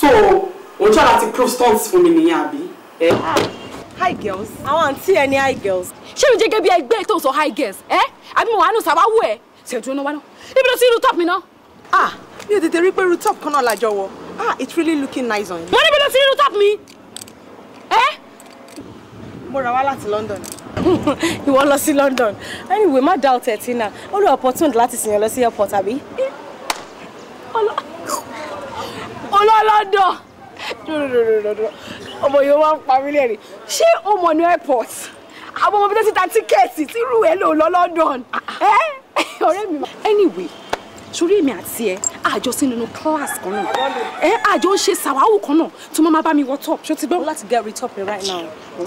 so òun ṣáà láti prove stunts fún mi nìyẹn eh? Ah, hi girls àwọn àǹtí see any hi girls. ṣé mi jẹ́ gẹ́gẹ́ bí ẹgbẹ́ tó or hi girls eh? I àbí mo wà nù sábà wù ẹ́ ṣẹ̀dúró náà wá náà you don't see rú top me náà. ah you did tètè rí pé top. kan náà lájọ wọ ah it's really looking nice on you. Why níbi tó see rí top me? Eh? mo rà wá láti London. ìwọ lọ sí London anyway my dá ọtẹ tí náà ó lọ opportunity láti sìn yàn lọ sí airport àbí. Eh? ọlọ́ọ̀ olólọ́dọ̀ ọmọ yìí wọ́n ń pa mí lẹ́rìn ṣé o mọ̀ ní airport àwọn ọmọ bíi títa tíkẹ́ẹ̀tì tí irú ẹ̀ lò lọ́lọ́dọ̀n ọ̀rẹ́ mi máa. anyway sórí èmi àti ẹ àjọ sí nínú class kan náà ẹ àjọ ń ṣe sàwáwù kan náà tó máa bá mi wọ top ṣó ti gbọ́. láti get rid of it right now.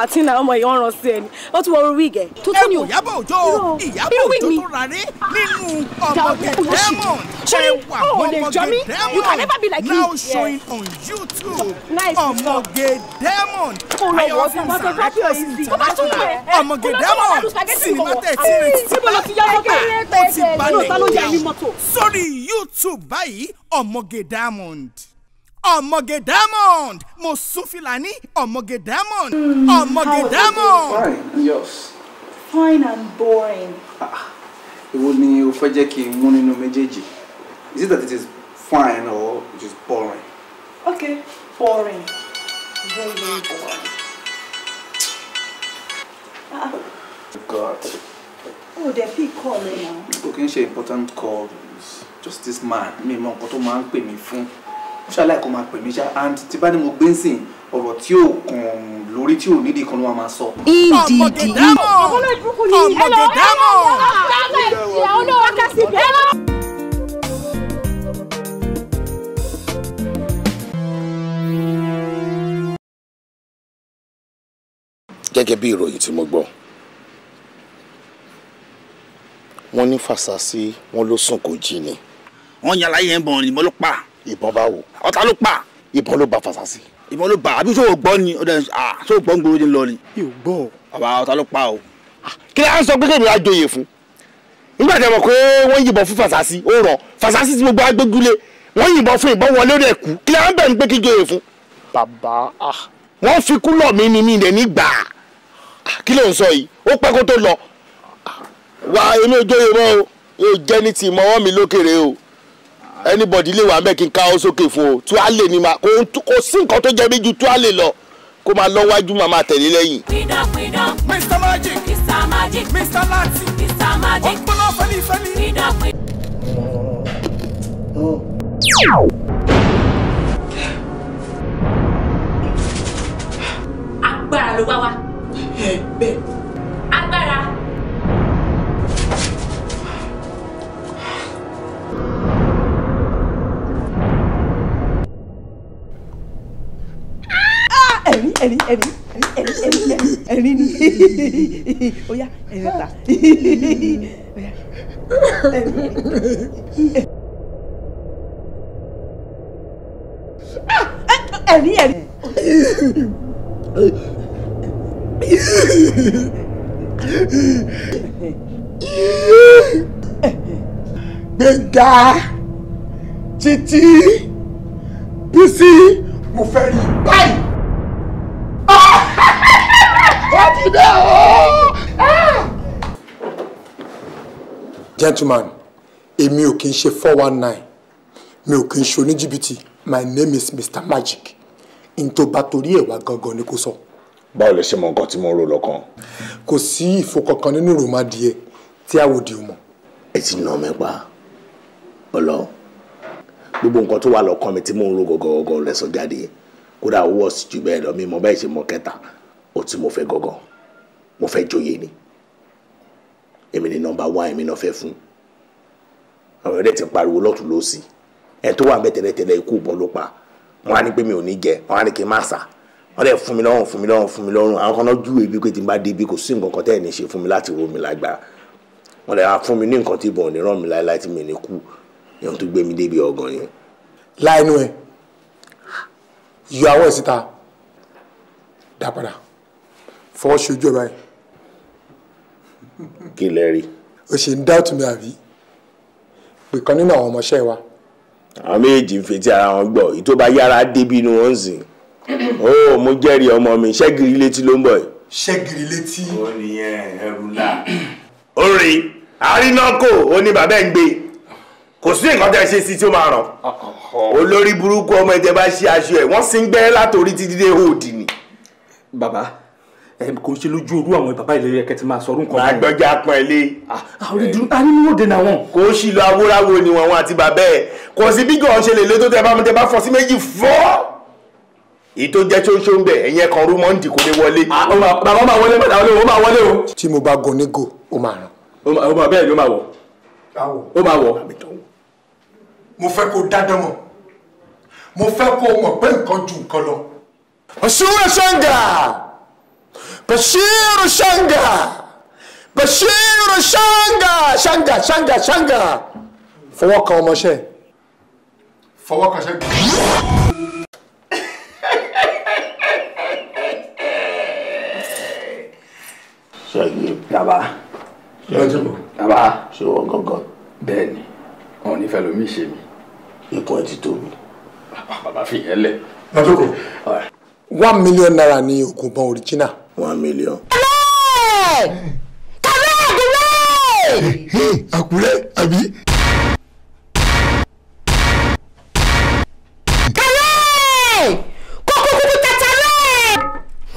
àti náà ọmọ yìí ọ̀ràn sí ẹni ó tún wọ orí wíìgì ẹ̀. tuntun ni o ìyábọ̀ òjó ìyábọ̀ òjó tó ra rí nínú ọmọ dẹ̀dẹ́mọ̀n ṣe wà ọmọ dẹ̀dẹ́mọ̀n now showing on YouTube ọmọ dẹ̀dẹ́mọ̀n ayọ̀wọ̀ fún sàrẹ́kọ̀ ọmọ dẹ̀dẹ́mọ̀n sinimá tẹ̀sí rẹ̀ ó ti balẹ̀ sórí YouTube báyìí ọmọ dẹ̀dẹ́mọ̀n ọmọge diamond mo sún fìlàní ọmọge diamond hmm. ọmọge diamond. fine yes. fine and boring. Ah, èwo ni o fẹ́ jẹ́ kí n mú nínú méjèèjì is it that it is fine or it is boring. okay boring very very boring. Ah. God. Oh, the big call now. Kò kí n ṣe important call just this man mi mọ nǹkan tó máa ń pè mí fún ṣáláì kò máa pè mí ṣá and tí bá ní mo gbé ń sìn ọ̀rọ̀ tí ò kàn lórí tí ò nídìí kan ló wá máa sọ. ìdìdì ọmọdé dámọ̀ gẹ́gẹ́ bí ìròyìn tí mo gbọ́ wọ́n ní fàṣàṣì wọ́n ló sùn kò jí ni. wọ́n yàrá yẹn bọ̀ ọ̀rìn mọ́lọ́pàá ìbọn bá wò. ọ̀tá ló pa. ìbọn ló ba Fasasi. ìbọn ló ba àbí sóò gbọ́ ni ọ̀dẹ sóò gbọ́ ń gbòòrò ní lọ yóò gbọ́. àwa ọ̀tá ló pa o. kí ni à ń sọ pé kébì á joyè fún. nígbà tí a mọ̀ pé wọ́n yìnbọn fún Fasasi ó rọ̀ Fasasi tí gbogbo agbégúlé wọ́n yìnbọn fún ìbọn wọlé rẹ̀ kú kí ni à ń bẹ̀ ń pé kí joyè fún. bàbá wọ́n fi kúlọ̀ mi ni mi rẹ̀ nígbà kí ló ń sọ yìí ó pẹ́ kó tó lọ. wà á èmi ò joyè o yóò jẹ́ o anybody lè wà mẹ́ kí n sókè fún o tuale ni ma kò sí nǹkan tó jẹ́ bí ju tuale lọ kó máa lọ wájú máa máa tẹ̀lé lẹ́yìn. mr magic mr magic mr lati mr magic ọ̀pọ̀lọ fẹ́ni fẹ́ni. freedom freedom. agbára ló wá wá. bẹ́ẹ̀ agbára. ẹ̀rín ẹ̀rín ẹ̀rín ẹ̀rín ẹ̀rín ẹ̀rín ni oya ẹ̀rín ta oya ẹ̀rín. ẹ̀rín ẹ̀rín. gbẹ̀ngà títí bísí mo fẹ́ rí báyìí. Ìdá o! Gentleman, èmi ò kí ń ṣe four one nine, mi ò kí my name is Mr Magic. N tó bá torí ẹ̀ wá gangan ni kò sọ. Báwo lè ṣe mọ nǹkan tí mo ń rò lọ́kàn? Kò sí ìfọkànkan nínú ìròmọdìẹ tí àwòdì ò mọ̀. Ẹ ti nà mí pa, ọlọ́run gbogbo nǹkan tó wà lọ́kàn mi tí mò ń ro gọ́gọ́gọ́ lẹ́sọ̀ jáde kódà wọ́ọ̀sì jù bẹ́ẹ̀ lọ mi mọ bẹ́ẹ̀ ṣe mọ kẹta ó ti mo fẹ́ gọ́gọ́ mo fẹ́ joyè ni èmi ni nọmba wá èmi náà fẹ́ fún àwọn ẹ̀rẹ́ ti pariwo lọ́tún lọ́sì ẹ̀ tó wà ń bẹ tẹ́lẹ̀tẹ́lẹ̀ ikú ìbọn ló pa wọn á ní pé mi ò ní jẹ wọn á ní kí n má sà wọn dẹ̀ fún mi lọ́rùn fún mi lọ́rùn fún mi lọ́rùn àwọn kan náà júwèé bí pé tí n bá débi kò sí nǹkan kan tẹ́ ẹ̀ ní ṣe fún mi láti ro mi lágbá wọn dẹ̀ fún mi ní nǹkan tí ìbọn ò ní ràn mí láéláé tí mi ò ní kú ìyẹn tó gbé mi débi ọgàn yẹn. láìnú ẹ yọ àwọn ìsìta dá padà fọwọ́ ṣojú ẹ báyìí kí lẹ rí. o ṣe ń dáàtú mi àbí pé kan nínú àwọn ọmọọṣẹ́ wa. àwọn méjì ń fetí ara wọn gbọ́ èyí tó bá yára débi inú wọn sìn ó oh, mo jẹ́rìí ọmọ mi ṣẹ́gìrì létí ló ń bọ̀ yìí. ṣẹ́gìrì létí. ó ní ẹrù ńlá. orin àrínákò oníbàbẹ́ ń gbé kò sí nǹkan tẹ́ ṣe sí tí ó máa ràn olórí burúkú ọmọ ẹ̀jẹ̀ bá ṣe aṣọ ẹ̀ wọ́n sì ń gbẹ́ látòrí títí dé òdì ni. bàbá kò ń ṣe lójú orú àwọn bàbá ìlérí ẹ̀kẹ́ ti máa sọ̀rọ̀ nǹkan. màá gbọ́jà pọn ilé. Ah, àwọn ìdúró ta nínú òde náà wọn. kò sí lọ awóráwo ni wọn àti bàbá ẹ kò sí bí gàn ṣe lè lé tó tẹ bá mi tẹ bá fọ sí méjì fọ́. èyí tó jẹ́ ṣóńṣó ń bẹ̀ ẹ̀yìn ẹ̀kan rú mọ́ǹdì kò lè wọlé. Ah, bàbá máa wọlé bàbá ó máa wọlé o. tí mo bá gan nígò ó máa ràn. ó máa bẹ́ẹ̀ ni ó máa wọ̀. ó máa wọ̀. mo fẹ́ kó dájọ́ mọ̀ mo fẹ́ kó mọ̀ pé nǹkan ju nǹkan lọ. ọ̀ṣun ẹ̀ṣọ́ ń Bashiru Shanga. Bashiru Shanga. Shanga, Shanga, Shanga. Fọwọ́ kan ọmọṣẹ́. Fọwọ́ kan ṣẹ́gun. ṣẹ́gun. Bàbá. Ṣẹ́gun. Bàbá. Daba. wọ́n gangan? Bẹ́ẹ̀ni, wọn ò ní fẹ́ lómi ṣe mi. Ikùn ẹ ti tó mi. Bàbá fi yẹn lẹ̀. Lọ́jọ́ kò one million naira ní ògùnbọn original. one million. kàlẹ́ kàlẹ́ àkúrẹ́. àkúrẹ́ àbí. kàlẹ́ kókókókó tata rẹ̀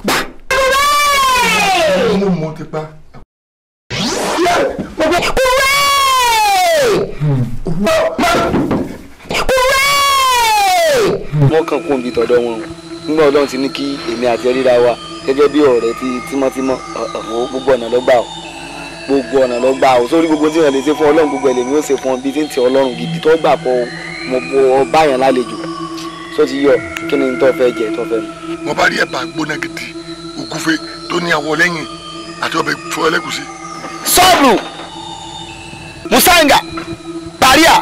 gbà àkúrẹ́. mo mọ ti pa. kúrẹ́. kúrẹ́. Hmm. wọ́n kàn kún bí tọ́dọ̀ wọn o nígbà ọlọ́run ti ní kí èmi àti ríra wa gẹ́gẹ́ bí ọ̀rẹ́ ti tímọ́tímọ́ ọ̀hún gbogbo ọ̀nà lọ́gbà o gbogbo ọ̀nà lọ́gbà o sórí gbogbo tí wọ́n lè ṣe fún ọlọ́run gbogbo ẹlẹ́mi ó ṣe fún ọ bí tí ń tẹ ọlọ́run gidi tó gbà pọ̀ mo bọ ọba yẹn lálejò tó ti yọ kí ni tó fẹ́ jẹ tó fẹ́ mu. mo bá rí ẹ̀bà gbóná gidi ògúfe tó ní àwọ̀ lẹ́yìn àti ọbẹ̀ fún sọ́ọ̀lù musanga paria.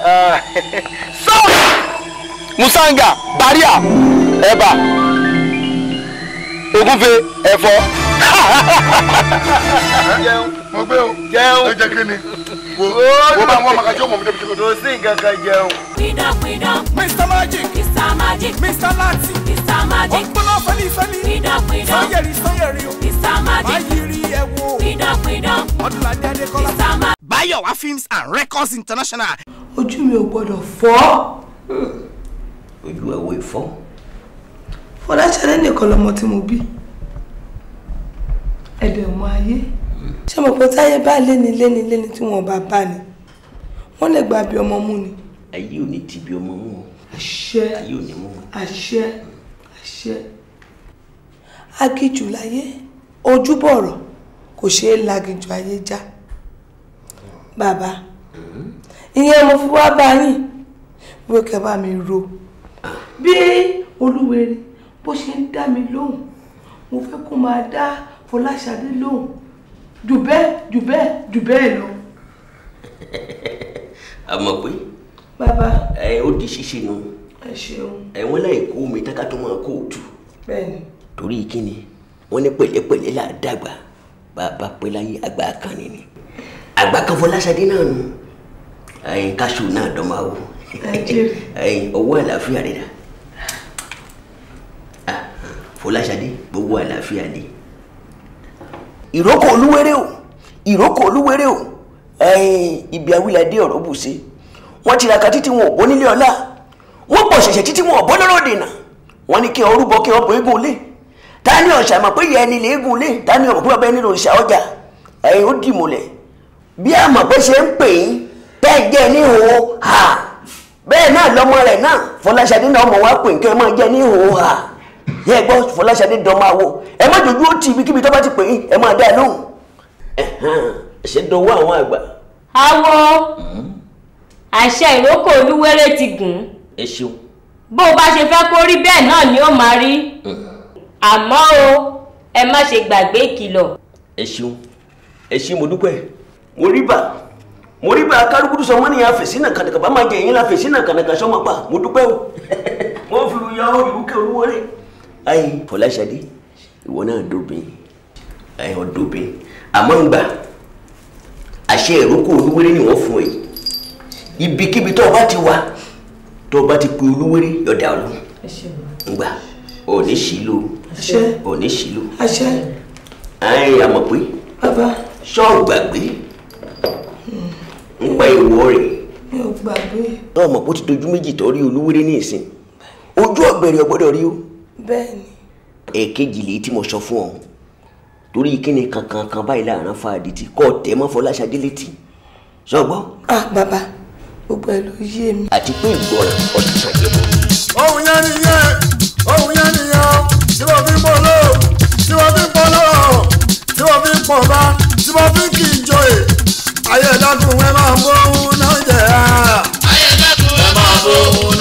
Ah. south musanga baria ẹ̀bà ògúnfe ẹ̀fọ́. jẹun mo gbé o jẹun ẹ jẹ kí ni wo oh, wo bá wọn màkàjọ mọ mi débi tí mo. kò sí nǹkan kan jẹun. pidán pidán. Mr Magic. Magic. Mr. Lati. Mr. Magic. Ọ̀pọ̀lọ́ fẹ́lifẹ́li. Pidán pidán. Sanyẹ̀rì sanyẹ̀rì o. Mr. Magic. Ayiri ẹ wo. Pidán pidán. Ọdúnladé Adékọ́lá. Mr. Magic. Bayowa Films and Records International. Ojú mi ò gbọ́dọ̀ fọ́. Ojú ẹ̀ wo ìfọ́. Fọláṣẹ́lẹ́ nìkan lọmọ tí mo bí. Ẹ̀dẹ̀ mọ ayé. Ṣé mo pé táyé bá léni léni léni tí wọ́n bá bá ni? Wọ́n lè gba bí ọmọ mú ni. Ayé ò ní ti bí ọmọ mú o àṣẹ ayé ò ní mú wa àṣẹ àṣẹ. agijù láyé ojúbọ̀rọ̀ kò ṣeé lagijù ayé já bàbá hmm? ìyẹn mo fi wá bá yín wíwé kẹ bá mi ro bí olúwere bó ṣe ń dá mi lóhùn mo fẹ́ kó máa dá Fọláṣadé lóhùn jù bẹ́ẹ̀ jù bẹ́ẹ̀ jù bẹ́ẹ̀ lọ. a mọ̀ pé bàbá. ẹ ó di ṣíṣe nu. ẹ ṣeun. ẹ wọn láì kó omi tákà tó máa kó òtù. bẹ́ẹ̀ni. torí kíni wọn ní pẹ̀lẹ́pẹ̀lẹ́ là á dàgbà bàbá pẹ́ láyé àgbà kan ni ni àgbà kan fọláṣadé náà nu ẹyin káṣù náà dọ́mọ àwọ ẹyin ọwọ́ àlàáfíà rẹ̀ dà ah, fọláṣadé gbogbo àlàáfíà dé ìrókò olúwẹrẹ o ìrókò olúwẹrẹ o ẹyin ibi awílàdé ọ̀rọ̀ bù ṣe wọ́n tiraka títí wọn ò bó nílé ọlá wọ́n pọ̀ ṣẹ̀ṣẹ̀ títí wọn ò bó lọ́rọ̀ dènà wọ́n ní kí ọ rúbọ kí ọ eégún lé tani ọ̀sà mọ̀ pé yẹ ẹni lè eégún lé tani ọ̀mọ̀ pé ọba ẹni lò ṣà ọjà ẹ̀yin ó dì mọ̀lẹ̀ bí àmọ̀ pé ṣe ń pè yín bẹ́ẹ̀ jẹ́ ní ìhòòhò hà bẹ́ẹ̀ náà lọ́mọ rẹ̀ náà Fọláṣadé náà ọmọ wa pè nǹkan ẹ máa jẹ́ ní ìhòòhò hà yẹ ẹ gbọ́ Fọláṣadé dọ́mọ àwò ẹ má jòjú ó tì ibikíbi tó bá ti pè yín ẹ máa dá lóhùn ẹ̀hán ṣe dọwọ́ àwọn àgbà. àwọ̀ àṣẹ ìrókò olúwẹ́rẹ́ ti gùn. ẹ ṣeun. ṣe fẹ́ kó rí bẹ́ẹ̀ náà ni ó máa rí. àmọ́ o ẹ má ṣe gbàgbé ìkìlọ̀. ẹ ṣeun ẹ ṣe mo dúpẹ́ mo rí bà mo rí bà kárùkùdù sọ mọ́ni yà fèsì náà kàdàkàbá máa jẹ pa mo dúpẹ́ o mo ya ìrúkẹ́ olúwẹ́rẹ́. ayi fọláṣadé ìwọ náà dóbin ọ dóbin àmọ́ àṣẹ ìrókò olúwẹ́rẹ́ ni wọ́n fún ibikíbi tó o bá ti wá tó o bá ti pe olúwéré yọ̀dà olú ngbà òní sílò òní sílò àárín àmọ̀ pé ṣọ́ọ̀gbàgbé ń pa ìwọ rẹ̀ ọmọ pé ó ti dojú méjì tó rí olúwéré ní ìsìn ojú ọ̀gbẹ̀rẹ̀ ọ̀gbọ́dọ̀ rí o. bẹ́ẹ̀ni. èkejì lèyí tí mo sọ fún ọ torí kíni kankan kan báyìí láàrin fàdí tí kò tẹ́ mọ́ Fọláṣadé létí sọgbọ́. ah bàbá gbogbo ẹ ló yé mi. àti pé ìgbọ́ra ọ̀sẹ̀ sọ̀rọ̀ lọ́wọ́. ohun yẹn nìyẹn ohun yẹn nìyẹn tí wọ́n fi ń bọ̀ lọ́wọ́ tí wọ́n fi ń bọ̀ lọ́wọ́ tí wọ́n fi pọ̀ bá tí wọ́n fi kì í joyè ayé ẹ̀dá kùn ẹ máa bọ́ ohun náà jẹ́ ayé ẹ̀dá kùn ẹ máa bọ́ ohun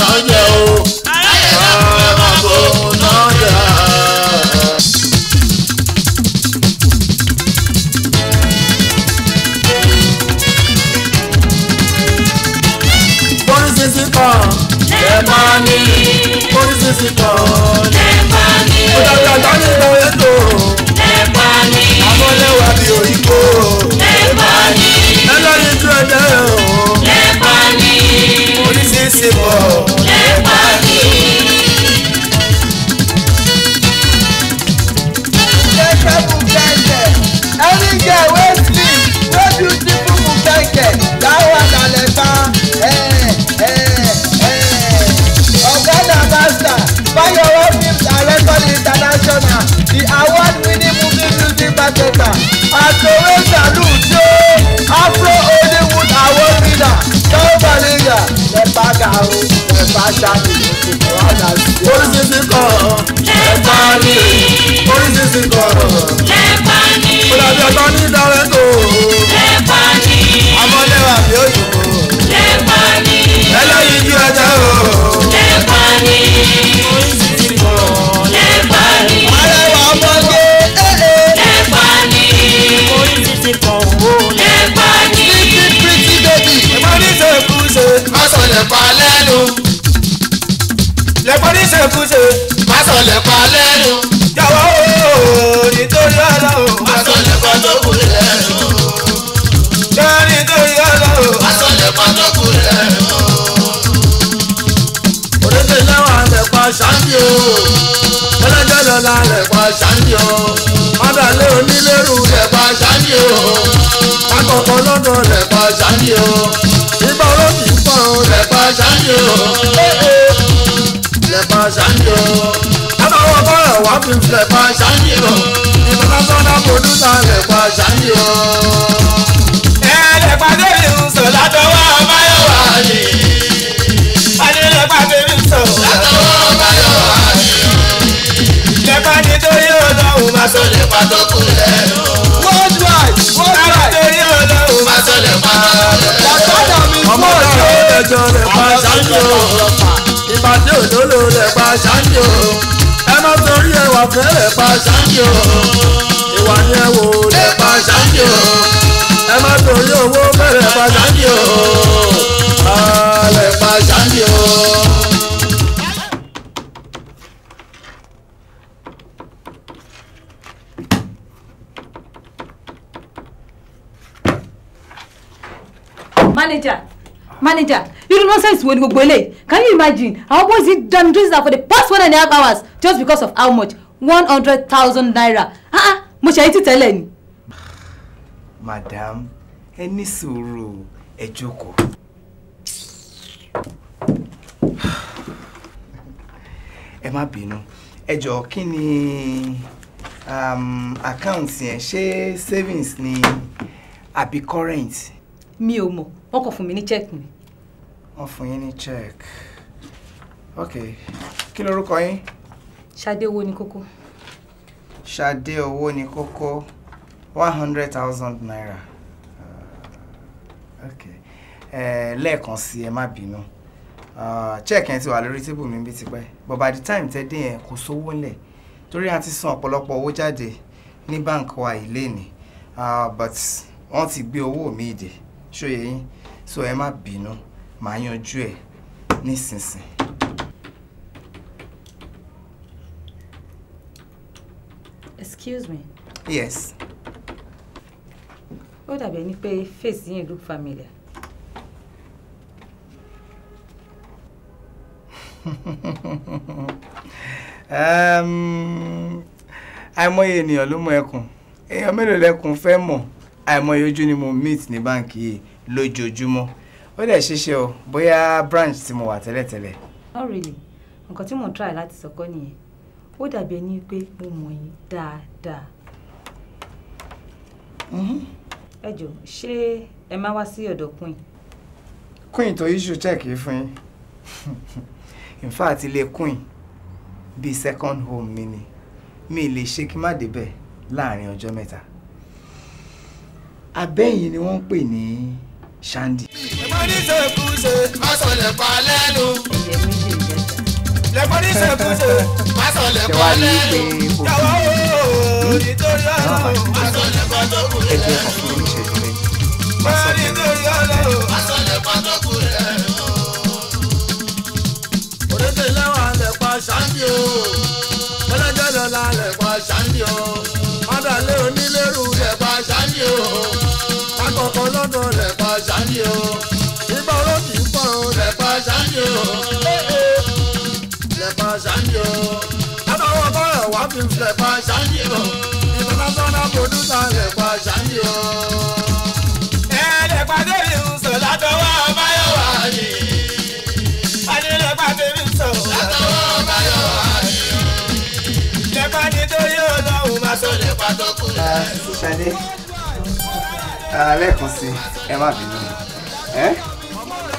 ní oríṣiríṣi kan. ṣáàdì kòkòrò àdá sí. oríṣiríṣi kọ̀ọ̀rọ̀ lẹ́pà ni. oríṣiríṣi kọ̀ọ̀rọ̀ lẹ́pà ni. olùdarí ọ̀tọ̀ ní ìdárẹ́kọ̀. lẹ́pà ni. amọ́lẹ́wà bí òyìnbó. lẹ́pà ni. pretty pretty baby. ìmọ̀ ní ṣe kú oníṣekúṣe. má sọlẹ̀ pa lẹ́nu. jọ̀wọ́ ooo nítorí ọlọ́run. má sọlẹ̀ pa tó kù lẹ́nu. jọ̀wọ́ nítorí ọlọ́run. má sọlẹ̀ pa tó kù lẹ́nu. òrèké lẹ́wọ̀n àlẹ̀ pa ṣáńdì o. ọlọ́jọ́ lọ́la àlẹ̀ pa ṣáńdì o. mọ́tàlẹ́ onílérú lẹ̀ pa ṣáńdì o. akọ̀kọ̀ lọ́dọ̀ lẹ̀ pa ṣáńdì o. ìgbà olókìkọ̀ lẹ̀ pa ṣáńdì o filẹ̀ bá ṣáńjì o. Aláwọ̀ bọ́ọ̀lù wá fi filẹ̀ bá ṣáńjì o. International producer lẹ̀ bá ṣáńjì o. Ẹ lè pàdé mi ń sọ látọwọ́ Báyọ̀wá ni. Adé lè pàdé mi ń sọ látọwọ́ Báyọ̀wá ni. Lẹ́pà nítorí ọlọ́run máa sọ lè pa tó kù lẹ̀. Wọ́n ti wá wọ́n ti wá nítorí ọlọ́run máa sọ lè pa tó kù lẹ̀. Ọmọ ìyá ọ̀dẹ̀jọ́ lè pa ṣáńjì o ìpàdé òdòdó lè pa ṣáńjì o torí ẹwà fẹ́ lè pa ṣáńjì ìwà ni ẹ lè pa ṣáńjì o torí owó fẹ́ lè pa ṣáńjì o lè pa ṣáńjì manager manager You irú nonsense wo ni gbogbo eléyìí can you imagine our boys did don do this for the past one and a half hours just because of how much one hundred thousand naira ah, ah mo ṣe ayétí tẹ́lẹ̀ ni. madam ẹ ní sùúrù ẹ jókòó. ẹ má bínú ẹ jọ̀ọ́ kí ni àkáǹtì um, yẹn ṣé savings ni àbí current. mi ò mọ̀ wọ́n kàn fún mi ní check ni wọ́n fún yín ní check ok kí lorúkọ yín. ṣadé owó ni kókó. ṣadé owó ni kókó one hundred thousand naira ok lẹ́ẹ̀kan sí ẹ má bínú check yẹn ti wà lórí tíbù mi bí tipẹ́ but by the time tẹ́ dé yẹn kò sówó ńlẹ̀ torí a ti san ọ̀pọ̀lọpọ̀ owó jáde ní bank wa ilé ni ah, but wọ́n ti gbé owó mi dè ṣóyè yín so ẹ má bínú. No? màá yanjú ẹ̀ nísinsìnyí. Excuse me. Yes. Ó dàbí ẹni pé face yín look familiar. àìmọye ènìyàn ló mọ ẹkùn èèyàn mélòó lẹkùn fẹ́ mọ̀ àìmọye ojú ni mo meet ní báǹkì yìí lójoojúmọ́ ó dẹ̀ ṣeéṣe o bóyá branch tí mo wà tẹ́lẹ̀tẹ́lẹ̀. not really nǹkan tí mò ń try láti sọkọ nìyẹn ó dàbí ẹni pé mo mọ̀ yín dáadáa. Mm-hmm. ẹ jọ ṣé ẹ máa wá sí ọ̀dọ̀ queen. queen tó issue check yìí fún yín in fact ilé queen bíi second home mi ni mi lè ṣe kí má débẹ̀ láàrin ọjọ́ mẹ́ta abẹ́yìn ni wọ́n ń pè ní. Ni Shandy. lẹ́mọ̀rí ṣèkúṣe má sọ lè pa lẹ́nu. ẹ̀yẹ méjì ìjẹta. má sọ lè pa lẹ́nu. yàwó nítorí ọlọ́run má sọ lè tó kù lẹ́nu. bẹ́ẹ̀ má sọ lè tó kù lẹ́nu. òrèké lẹ́wà lè pa Shandy o mọ́lẹ́jọ́ lọ́la lè pa o mọ́dàlẹ́ onílérú lè pa o. Akọ̀kọ̀ lọ́dọ̀ o fìlẹ̀pà Sunny o látọwọ́ bọ́ọ̀lù wá fi fìlẹ̀pà Sunny o international producer fìlẹ̀pà ẹ má bínú ẹ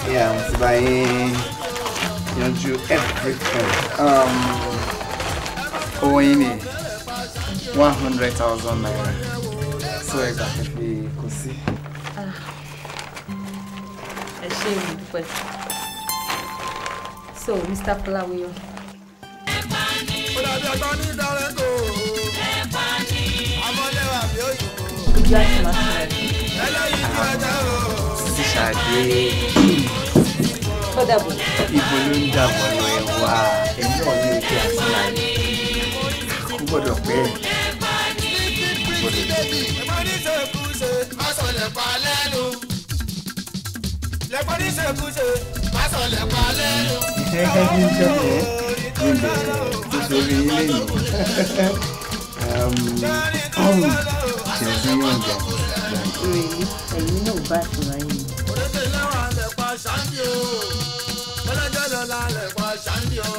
ìyá àwọn ti bá yín yanjú everything um, owó yín ni one hundred naira so ah, ẹ gbà pé kò sí. ẹ ṣe so Mr. Fọláwíyọ. Ojú àti màsílẹ̀. Sísàdé ó dàbọ̀. ibo ló ń dàbọ̀ lọ ẹ wá ẹ̀mí náà ní ojú àti àyè kó gbọ́dọ̀ pẹ́ ìṣe kẹ́kẹ́ ń jẹ́ pé nílò nítorí ilé yìí ṣẹ̀dúnyọ̀ǹda. ẹ̀yin náà bá ṣùgbọ́n yìí ṣáńdì o bọ́lájọ́ lọ́la rẹ̀ pa ṣáńdì o.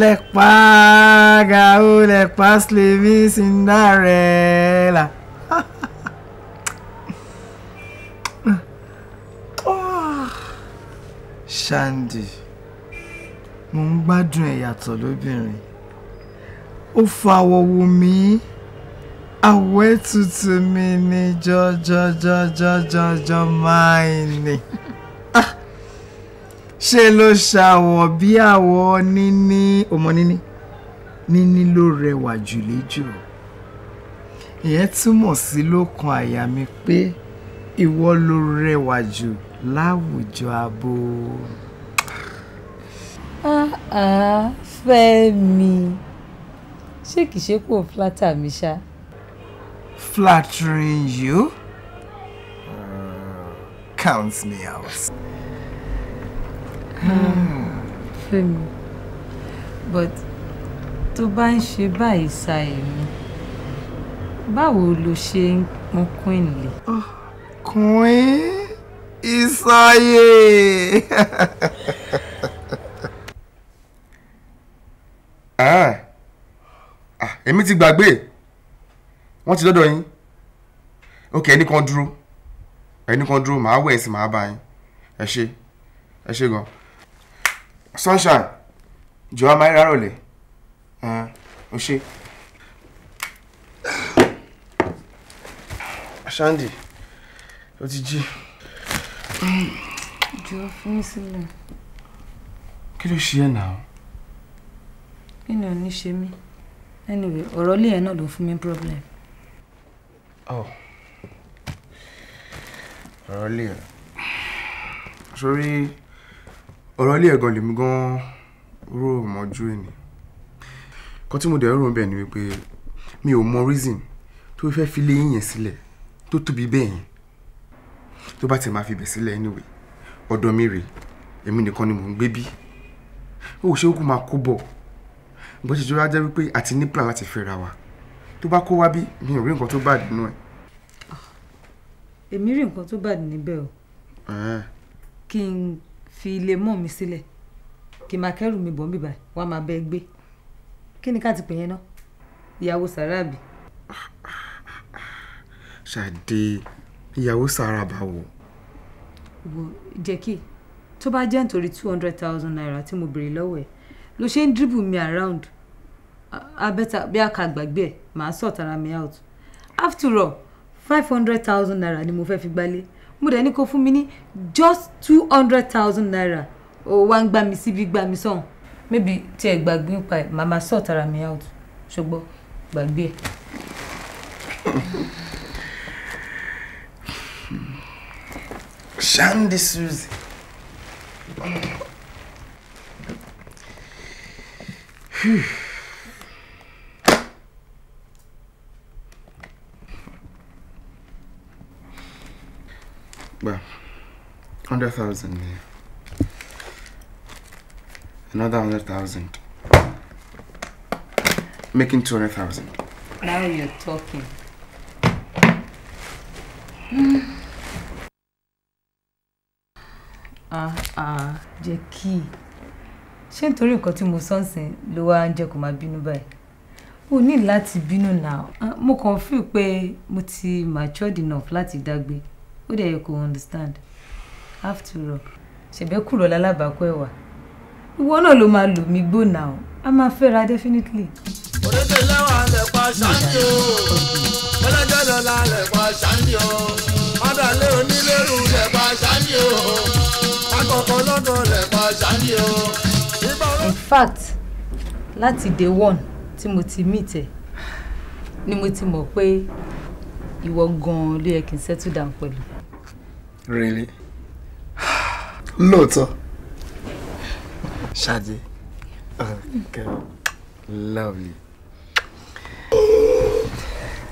lẹ́pà gàù lẹ́pà sílẹ̀mí Cinderella. ṣáńdì mo ń gbádùn ẹ̀ yàtọ̀ lóbìnrin ó fa àwọ̀ wù àwẹ̀ tutu mi ni jọjọjọjọjọjọ máa ń ní ah! ṣe ló ṣàwọ̀ bí àwọ̀ níní ọmọ níní níní ló rẹwà jù léjò ìyẹn túmọ̀ sí lókun àyà mi pé ìwọ ló rẹwà jù láwùjọ abo. ah ah Fẹ́mi ṣé kìí ṣe kó flatter mi ṣá flattering you uh, counts me out. Femi, hmm. hmm. but tó bá ń ṣe báyìí sa èmi, báwo lo ṣe ń pọn queen lè? Oh, queen Isaye! Ah, ah, èmi ti gbàgbé wọ́n ti dọ́dọ̀ yín ok ẹnì kan dúró ẹnì kan dúró màá wẹ̀ sí màá bá yín ẹ ṣe ẹ ṣe gan sunshine jọ̀wọ́ máa ń rárọ̀ lẹ̀ ọ ṣe. Shandy ó ti jí. jọ̀ọ́ fún mi sílẹ̀. kí ló ṣe ẹ́ náà. kí ni ò ní ṣe mí anyway ọ̀rọ̀ ilé yẹn náà ló fún mi problem. Oh. ọ̀rọ̀ ilé ẹ̀ sórí ọ̀rọ̀ ilé ẹ̀ gan lèmi gan rò mọ́jú ẹ̀ ni kan tí mo dẹ̀ rò bẹ́ẹ̀ ni wípé mi ò mọ reason tó fẹ́ fi lé yín yẹn sílẹ̀ tó tóbi bẹ́ẹ̀ yẹn tó bá ti máa fi bẹ̀ sílẹ̀ anyway ọ̀dọ̀ mi rèé èmi nìkan ni mò ń gbé bí ó ṣe ó kó máa kó bọ̀ bó ṣe jọra jẹ́ wípé àti ní plan láti fẹ́ra wa tó bá kó wá bí mi ò rí nǹkan tó bad nínú ẹ̀. èmi rí nǹkan tó bad níbẹ̀ o kí n fi ilé mọ́ mi sílẹ̀ kí n máa kẹ́rù mi bọ̀ mí báyìí wá máa bẹ́ẹ̀ gbé kí ni ká ti pè yẹn náà ìyàwó sàràbì. ṣàdé ìyàwó sàràbà wò. wo jẹ́kì tó bá jẹ́ nítorí two hundred thousand naira tí mo béèrè lọ́wọ́ ẹ̀ ló ṣe ń dribble mi around better bí a kà gbàgbé ẹ̀ màá sort ara mi out after all five hundred thousand naira ni mo fẹ́ fi gbálé mo dẹ̀ ní kó fún mi ní just two hundred thousand naira ó wá ń gbá mi síbi gbá mi sọ̀hún maybe tí ẹ gbàgbé pa ẹ màá máa sort ara mi out ṣùgbọ́n gbàgbé ẹ. Shandy Susie. Hmm. Well, 100,000 there. Another hundred thousand. Making two hundred thousand. Now you're talking. Ah, ah, Jackie. ṣé nítorí nǹkan tí mo sọ́nsìn ló wá ń jẹ́ kó máa bínú báyìí o ní láti bínú náà ah, mo kàn feel pé mo ti matured enough láti dágbé ó dẹ̀ yẹ kó understand after all ṣẹ̀bẹ́ kúrò lálábàákọ́ ẹ̀wà ìwọ náà ló máa lò mí gbóná o a máa fẹ́ra definitely. òrèké lẹ́wọ̀n alẹ́ pa ṣáńdì o mọ́lẹ́jọ́ lọ́la alẹ́ pa ṣáńdì o mọ́dàlẹ́ onílérú lẹ́ pa ṣáńdì o akọ̀kọ̀ lọ́dọ̀ lẹ́ pa ṣáńdì o. in fact láti day one tí mo ti meet ẹ ni mo ti mọ̀ pé ìwọ gan-an ló yẹ kí n settle down pẹ̀lú. Really? Lóòótọ́. Ṣadé. Okay. Lovely.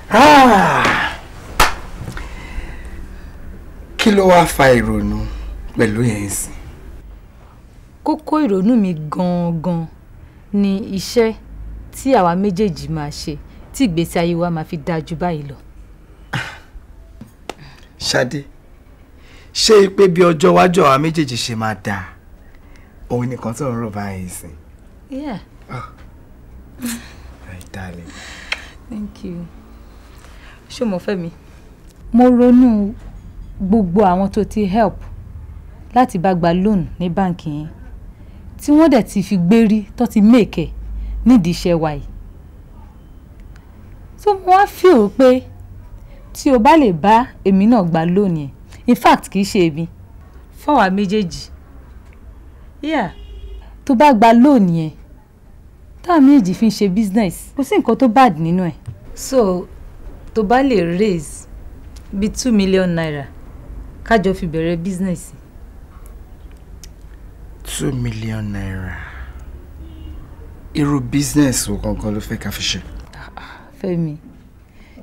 Ah! Kí ló wá fa ìrònú pẹ̀lú yẹn sìn? Kókó ìrònú mi gan-an ni iṣẹ́ tí àwa méjèèjì máa ṣe tí ìgbésí ayé wa máa fi dáa ju báyìí lọ. Ṣadé ṣé pé bí ọjọ́ iwájú àwa méjèèjì ṣe máa dáa òun nìkan tó ń rò báyìí sìn. yeah. my ah. darling. thank you ṣé mo fẹ́ mi. mo ronú gbogbo àwọn tó ti help láti bá gba loan ní báǹkì yẹn tí wọ́n dẹ̀ ti fi gbérí tó ti mèkè e nídìí iṣẹ́ wa yìí. tó mo wá feel pé tí o bá lè bá èmi náà gba loan yẹn in fact kì í ṣe èmi fọwà méjèèjì yeah tó bá gba lóònì yẹn táwọn méjèèjì fi ń ṣe business kò sí nǹkan tó bad nínú ẹ̀. so tó bá lè raise bíi two million naira kájọ fi bẹ̀rẹ̀ business. two million naira irú business wo gangan ló fẹ́ ká fi ṣe. Ah, ah, Fẹ́mi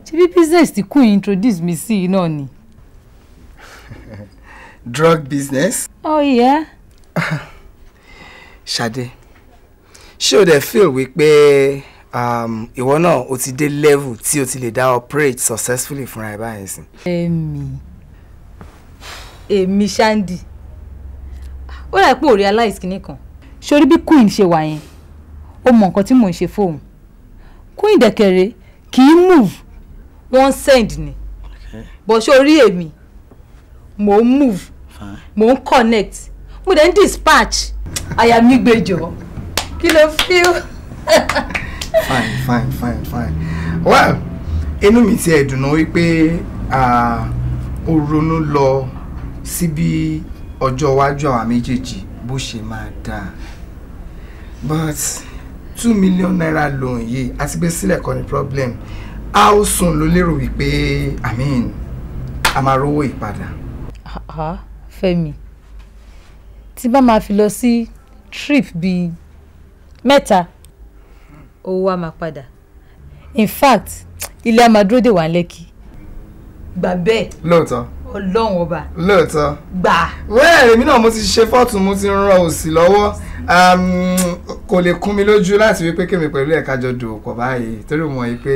ṣe bí business tí kún introduce mi sí iná ni drug business. oh yeah. Ṣadé ṣé o dẹ̀ feel wípé um, ìwọ náà o ti dé level tí o ti lè dá operate successfully fúnra ẹ báyìí sí. èmi èmi Ṣáńdì ó rà pé ò realize kinní kan sórí bí queen ṣe wà yẹn ó mọ nǹkan tí mò ń ṣe fóun queen dẹ̀kẹ̀rẹ̀ kì í move One send ni bọ̀ sórí èmi mò ń move mo ń connect mo dẹ̀ ń dispatch àyà mi gbẹjọ kí ló feel. fine fine fine fine well inú mi ti ẹ̀dùn náà wípé o ronú lọ síbi ọjọ́ iwájú àwa méjèèjì bó ṣe máa dáa but two million naira loan yìí àti gbé sílẹ̀ kọ́ ni problem how soon ló lérò wípé i mean a máa rówó ìpadà. Uh -huh. Fẹ́mi tí bá máa fi lọ sí trip bíi mẹ́ta owó wa máa padà in fact ilé a máa dúró dè wá lẹ́kì gbà bẹ́ẹ̀. lóòótọ́ ọlọ́run ọba. lóòótọ́. gbà. wẹ́ẹ̀ èmi náà mo ti ṣe fọ́tún mo ti ń rọ òsì lọ́wọ́ kò lè kún mi lójú láti wípé kémi pẹ̀lú ẹ̀ka jọ dùn òpọ̀ báyìí torí mo mọ̀ pé.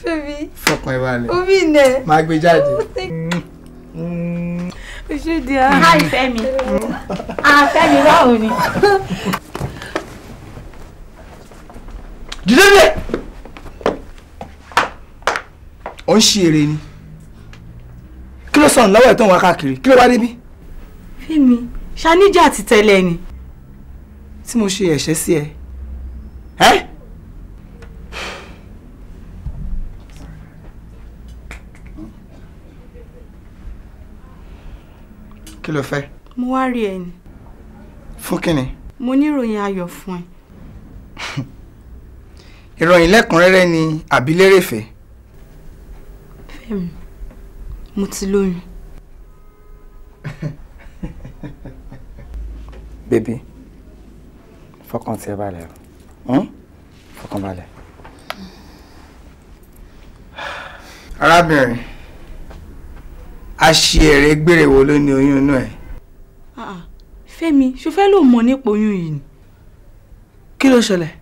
Fẹ́mi. fọkàn ẹ balẹ̀. omi nẹ. máa gbé jáde ṣé di a. a ìfẹ́ mi a ah, fẹ́ mi báwo ni. dídé dé ó ń ṣe eré ni kí ló sọnù lọ́wọ́ ẹ̀ tó ń wá káàkiri kí ló wá débi. fíìmì ṣáníjà ti tẹ́lẹ̀ ni. tí mo ṣe ẹ̀ṣẹ̀ sí ẹ ẹ́ kí ló fẹ́. mo wá rí ẹ ni. fún kínni. mo ní ìròyìn ayọ̀ fún ẹ. ìròyìn lẹ́kùnrẹ́rẹ́ ni àbí lérèfé. fẹ́mi mo ti lóyún. bébí fọkàn tiẹ̀ balẹ̀ o hmm? fọkàn balẹ̀. arábìnrin aṣèrè gbèrè wo ló ní oyún inú ẹ. Ah, Fẹ́mi ṣo fẹ́ ló mọ̀ nípa oyún yìí ni. kí ló ṣẹlẹ̀.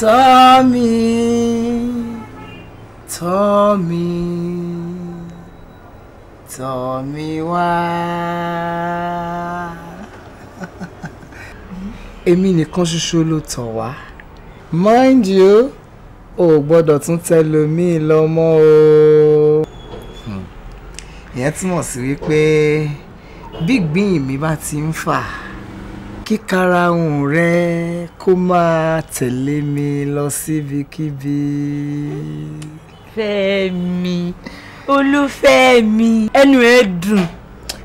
tọ́ mi tọ́ mi tọ́ mi wá. èmi nìkan ṣoṣo ló tọ̀ wá mind you ò gbọ́dọ̀ tún tẹlòmíì lọ́mọ o ìyẹn túmọ̀ sí wípé bí ìgbín mi bá ti ń fà kíkarahun rẹ kó máa tẹ̀lé mi lọ síbikíbi. Fẹ́mi olúfẹ́ mi ẹnu ẹ dùn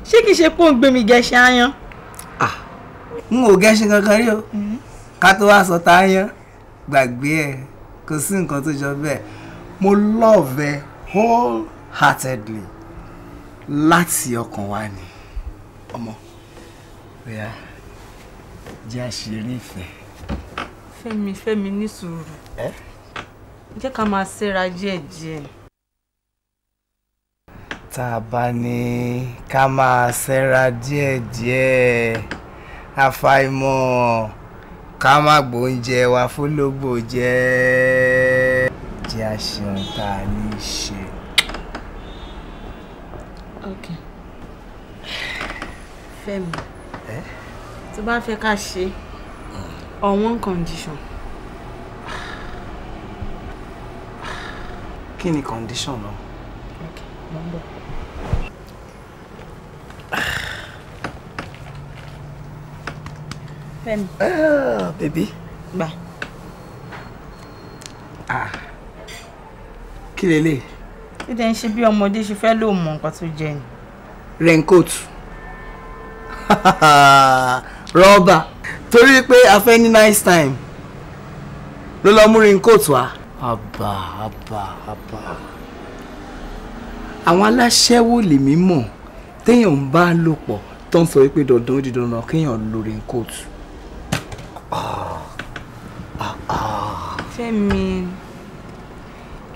ṣé kìí ṣe pé ó ń gbé mi gẹṣin ayan. n ò gẹṣin kankan rí o mm-hmm. ká tó wá sọ tá yan gbàgbé ẹ kò sí nǹkan tó jọ bẹ́ẹ̀ mo love ẹ wholeheartedly láti ọkàn wa ni ọmọ bóyá jẹ́ àṣírí ìfẹ́. Fẹ́mi Fẹ́mi ní sùúrù jẹ́ ká máa ṣẹ́ra díẹ̀díẹ̀. tá a bá ní ká máa ṣẹ́ra díẹ̀díẹ̀ àfàìmọ̀ ká má gbóúnjẹ wa fólógbò jẹ́ jẹ́ àṣẹ ohun tá a ní ṣe ok Fẹ́mi tó bá fẹ́ ká ṣe on one condition. kí condition náà. ok Number. ń ah baby. gbà. ah kí lélẹ́yìí dídẹ̀ ń ṣe bí ọmọdé ṣe fẹ́ lò mọ̀ nǹkan tó jẹ ni. raincoat rọ́bà torí pé a fẹ́ ní nice time ló lọ mú raincoat wá. aba, aba. àbà àwọn aláṣẹ́wó lèmi mọ̀ téèyàn ń bá lò pọ̀ tó ń sọ wípé dandan ó di dandan kéèyàn lo raincoat. Fẹ́mi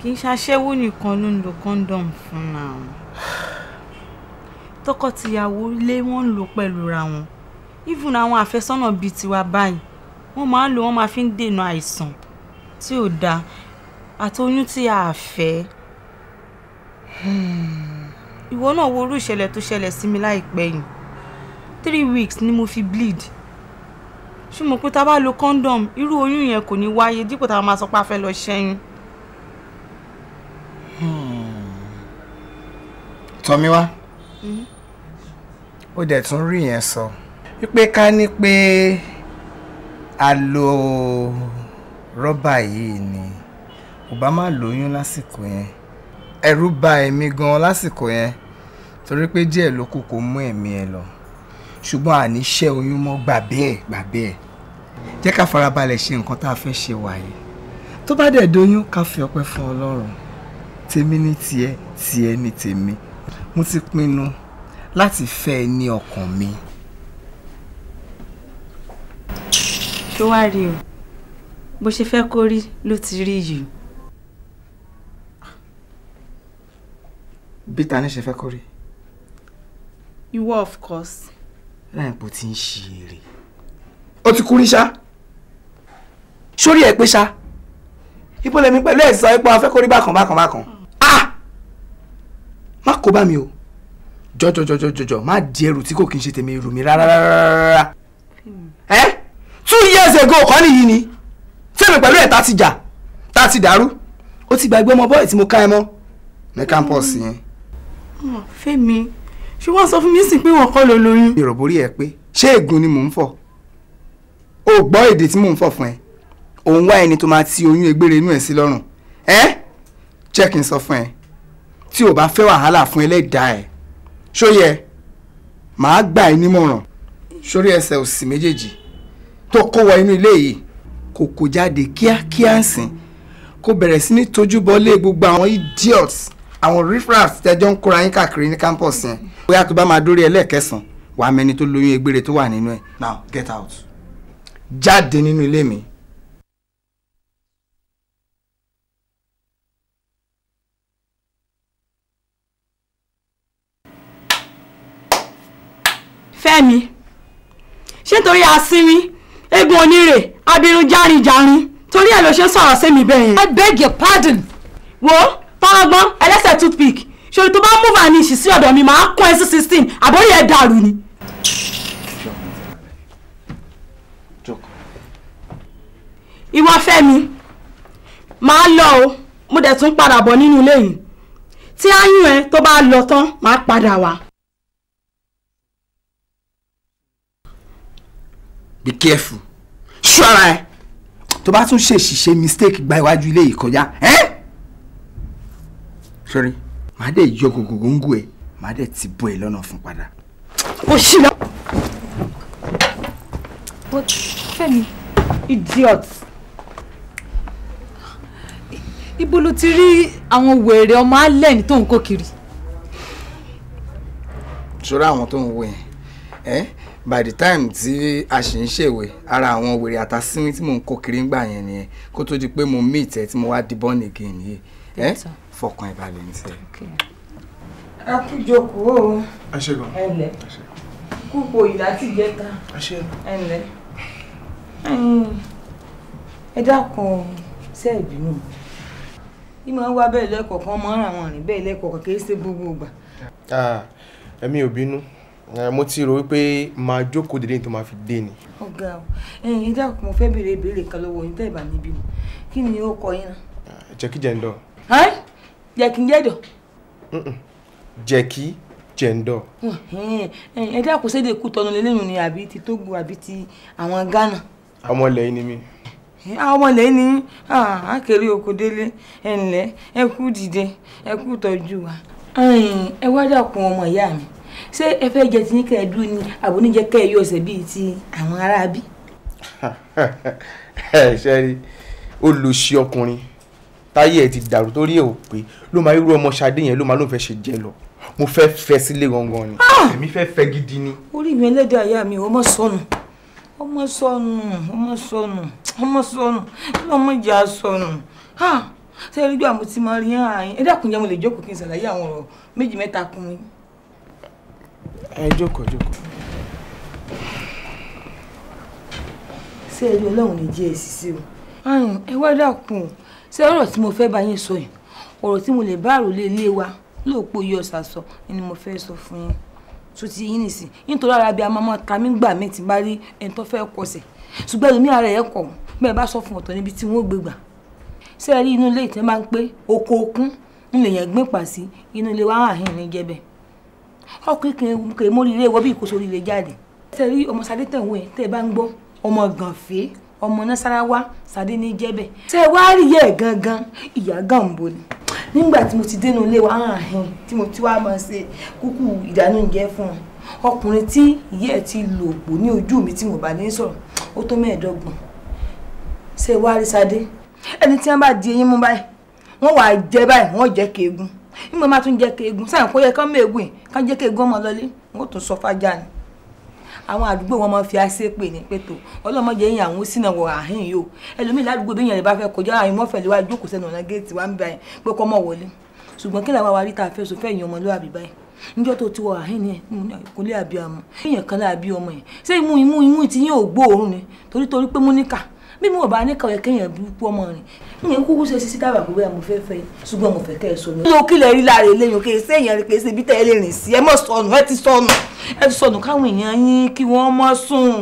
kì í ṣaṣẹ́wó nìkan ló ń lo condom fún náà tọkọtìyàwó lé wọn ń lò pẹ̀lú ra wọn even àwọn àfẹ́sọ́nà bíi tiwa báyìí wọ́n máa ń lò wọ́n máa fi ń dènà àìsàn tí ò dáa àti oyún tí a fẹ́ hmm. ìwọ náà wo irú ìṣẹ̀lẹ̀ tó ṣẹlẹ̀ sí mi láìpẹ́ yìí three weeks ni mo fi bleed ṣùgbọ́n pé tá bá lo condom irú oyún yẹn kò ní wáyé dípò tá a máa sọ pé a fẹ́ lọ ṣẹ́yún. Hmm. Tọ́míwá hmm? ó dẹ̀ tún rí yẹn sọ wípé ká ní pé a lo rọ́bà yìí ni Obama lóyún lásìkò yẹn ẹ̀rù bà èmi gan lásìkò yẹn torí pé díẹ̀ ló kù kó mú ẹ̀mí ẹ lọ ṣùgbọ́n àníṣẹ́ oyún mọ́ gbà bẹ́ẹ̀ gbà bẹ́ẹ̀ jẹ́ ká farabalẹ̀ ṣe nǹkan tá a fẹ́ ṣe wàyí tó bá dẹ̀ doyún ká fi ọpẹ́ fún Ọlọ́run tèmi ni tiẹ̀ tiẹ̀ ni tèmi mo ti pinnu láti fẹ́ ẹ ní ọkàn mi. ṣó wá rí o bó ṣe fẹ́ kó rí ló ti rí yìí. bí ta ni ṣe fẹ́ kó rí. ìwọ of course. láì bó ti ń ṣe eré. ó ti kú rí ṣá sórí ẹ pé ṣá ibo lèmi pẹ̀lú ẹ̀ sọ ẹ pé a fẹ́ kó rí bákan bákan bákan. Mm má kó bá mi o jọjọjọjọjọ má di ẹrù tí kò kí n ṣe tèmi rù mí rárá. ẹ two years ago kọ́ nìyí ni tèmi pẹ̀lú ẹ̀ tá ti jà tá ti dàrú ó ti gbàgbé ọmọ bọ́ọ̀ tí mo ká ẹ mọ́ ní campus yẹn. Hmm, fẹ́mi ṣé wọ́n sọ fún mi sí pé wọ́n kọ́ ló lóyún. ìrọ̀bórí ẹ pé ṣé ègún ni mò ń fọ̀ o gbọ́ èdè tí mò ń fọ̀ fún ẹ òun wá ẹni tó máa ti oyún egbére inú ẹ sí lọ́rùn ẹ jẹ́ kí sọ fún ẹ tí o bá fẹ́ wàhálà fún ẹlẹ́dàá ẹ̀ ṣóyẹ màá gbà ẹ́ nímọ̀ràn sórí ẹsẹ̀ òsì méjèèjì tó kó wọ inú ilé yìí kò kò jáde kíákíá ń sìn bẹ̀rẹ̀ sí ní tojúbọlé gbogbo àwọn idiots àwọn riffraff tẹjọ́ ń kóra yín káàkiri ní campus yẹn bóyá tó bá máa dórí ẹlẹ́ẹ̀kẹsàn-án wàá mẹ́ni tó lóyún egbére tó wà nínú ẹ̀ now get out jáde nínú ilé mi fẹ́mi ṣé nítorí asinrin eégún onírè abirun járinjárin torí ẹ̀ ló ṣe ń sọ̀rọ̀ sẹ́mi bẹ́ẹ̀ yẹn. I beg your pardon. wo tọ́lọ́gbọ́n ẹlẹ́sẹ̀ toothpick ṣòro tó bá mú vanish sí ọ̀dọ̀ mi máa kún ẹsẹ̀ sixteen àbórí ẹ̀ dàrú ni. ìwọ fẹ́mi máa lọ o mo dẹ̀ tún padà bọ̀ nínú ilé yìí tí á yún ẹ tó bá lọ tán máa padà wá. be careful ṣọ́ra ẹ tó bá tún ṣèṣì ṣe mistake gba iwájú ilé yìí kọjá ẹ sorry màá dẹ̀ yọ gògògóńgò ẹ màá dẹ̀ ti bọ́ ẹ lọ́nà fún padà. ó ṣì lọ. bó fẹ́mi idiot ibo ló ti rí àwọn wèrè ọmọ alẹ́ tó ń kó kiri. sọ́ra àwọn tó ń wo yẹn by the time tí a ṣì ń ṣèwé ara àwọn wèrè àtàsínmí tí mò ń kó kiri ńgbà yẹn nìyẹn kó tó di pé mo mí ìtẹ́ tí mo wá di born again yìí ẹ fọkàn ìbàlẹ̀ ní tiẹ̀. a kú jókòó o ẹnlẹ kúkú òyìnbá ti jẹta ẹnlẹ ẹ dákun ṣe ìbínú bí máa ń wá bẹ́ẹ̀ lẹ́kọ̀ọ̀kan máa ń ràn wọ́n rìn bẹ́ẹ̀ lẹ́kọ̀ọ̀kan kì í ṣe gbogbo ìgbà. ẹ̀mí ah, ò bínú mo ti rò wípé máa jókòó dédé tó máa fi dé ni. ọ̀gá o ẹ̀yin dá mo fẹ́ béèrè ìbéèrè kan lọ́wọ́ yín tẹ́ẹ̀bà níbí ni kí ni ó kọ yín náà. jẹ́kí jẹ́ńdọ̀. jẹ́kí jẹ́dọ̀. jẹ́kí jẹ́ńdọ̀. ẹ dá kò séde kú tọ́nu lélẹ́yìn ni àbí ti Togo àbí ti àwọn Ghana. ọmọ ilẹ̀ yìí ni mí. Ah, ọmọ ilẹ̀ yìí ni akèrè ah, oko délé ẹ ǹlẹ́ dìde ẹ tọ́jú wa ẹ wá dàkún ọmọ ìyá ṣé ẹ fẹ́ jẹ ti ní kẹ́ ẹ dúró ni àbò ní jẹ́ kẹ́ ẹ yọ ọ̀sẹ̀ bíi ti àwọn aráabí. ẹ ṣe rí olùsí ọkùnrin táyé ẹ ti dàrú torí ẹ ò pé ló máa irú ọmọ ṣadé yẹn ló máa ló fẹ́ ṣe jẹ lọ mo fẹ́ fẹ́ sílé gangan ni ah! èmi fẹ́ fẹ́ gidi ni. orí mi ẹlẹ́dẹ̀ àyà mi ọmọ sọnù ọmọ sọnù ọmọ sọnù ọmọ sọnù ọmọ ìjà sọnù ah! ṣé ẹ rí bí àwọn ti máa rí ah! ẹ dákun jẹ́ mo lè jókòó kí n ṣàlàyé àwọn ọ̀rọ̀ méjì mẹ́ta kún mi ẹ jókòó jókòó. ṣé ẹni ọlọ́run ní jẹ́ èsì sí o. àrùn ẹ wá dákun ṣé ọ̀rọ̀ tí mo fẹ́ bá yín sọ yìí ọ̀rọ̀ tí mo lè bá àròlé ilé wa lóòpó yọ ọ̀sà ni mo fẹ́ sọ fún yín tó ti yín nìsín nítorí ara bíi amọ́mọ́ ta mí gbà mí ti bá rí ẹni tó fẹ́ kọsẹ̀ ṣùgbọ́n ẹ̀mí ara ẹ̀ kọ̀ bẹ́ẹ̀ bá sọ fún ọ̀tọ̀ níbi tí wọ́n gbé gbà ṣé ẹ rí inú ilé ìtẹ́ máa ń pé oko okún ńlẹ̀ yẹn inú ilé wa hàn ní jẹ́bẹ̀ẹ́ ọkùnrin kì í kì í mórí ilé wọ bí ìkóso rire jáde. ṣe rí ọmọ sadé tẹ̀ wọ́n ẹ̀ tẹ́ ẹ bá ń gbọ́ ọmọ gànfẹ́ ọmọ nasarawa sadé ní jẹ́bẹ̀. ṣe wá rí yẹ gangan ìyá gàǹbo ni. nígbà tí mo ti dénú ilé wa hàn hàn tí mo ti wá máa ṣe kúkú ìdáná oúnjẹ fún un ọkùnrin tí ìyá ẹ̀ ti lò pọ̀ ní ojú mi tí mo bá ní sọ̀rọ̀ ó tó mẹ́ẹ̀ẹ́dọ́gbọ̀n ṣe wá rí sadé ẹni tí wọ́n bá di eyín mú báyìí wọ́n wàá jẹ báyìí wọ́n jẹ́ kéegun nígbà máa tún jẹ́ keegun sáyẹn kó yẹ kán mẹ́ẹ̀gùn yìí kán jẹ́ keegun ọmọ lọlé wọn ò tún sọ fájà ni àwọn àdúgbò wọn máa fi àṣẹ pè ní pẹ̀tọ́ ọlọ́mọdé yẹn àwọn sínà wọ àhín yìí o ẹlòmíì ládùúgbò bí yẹn lè bá fẹ́ kọjá àwọn ìmọ̀ fẹ̀lẹ́ wá jókòó sẹ́nu ọ̀nà géètì wá ń bẹ yẹn pé kọ́ mọ̀ wọlé ṣùgbọ́n kí làwọn arí tá a fẹ́ sọ fẹ́ yẹn ọmọlúwàbí báyìí níjọ́ tó ti wọ àhín yẹn kò lè àbí ọmọ èèyàn kan láàbí ọmọ yẹn ṣé imú imú imú ti yín ò gbóòórùn ni torí pé múníkà bí mo bá ní kàwé kéèyàn burúkú ọmọ rìn ìyẹn kúkú ṣe sísí dábàá gbogbo ẹ̀ mo fẹ́ fẹ́ ṣùgbọ́n mo fẹ́ kẹ́ ẹ sọ mi. mo kílẹ̀ rí lára eléyìn kì í ṣe èèyàn kì í ṣe ibi tẹ́ ẹ lè rìn sí ẹ mọ̀ sọnù ẹ ti sọnù ẹ ti sọnù káwọn èèyàn yín kí wọ́n mọ̀ sùn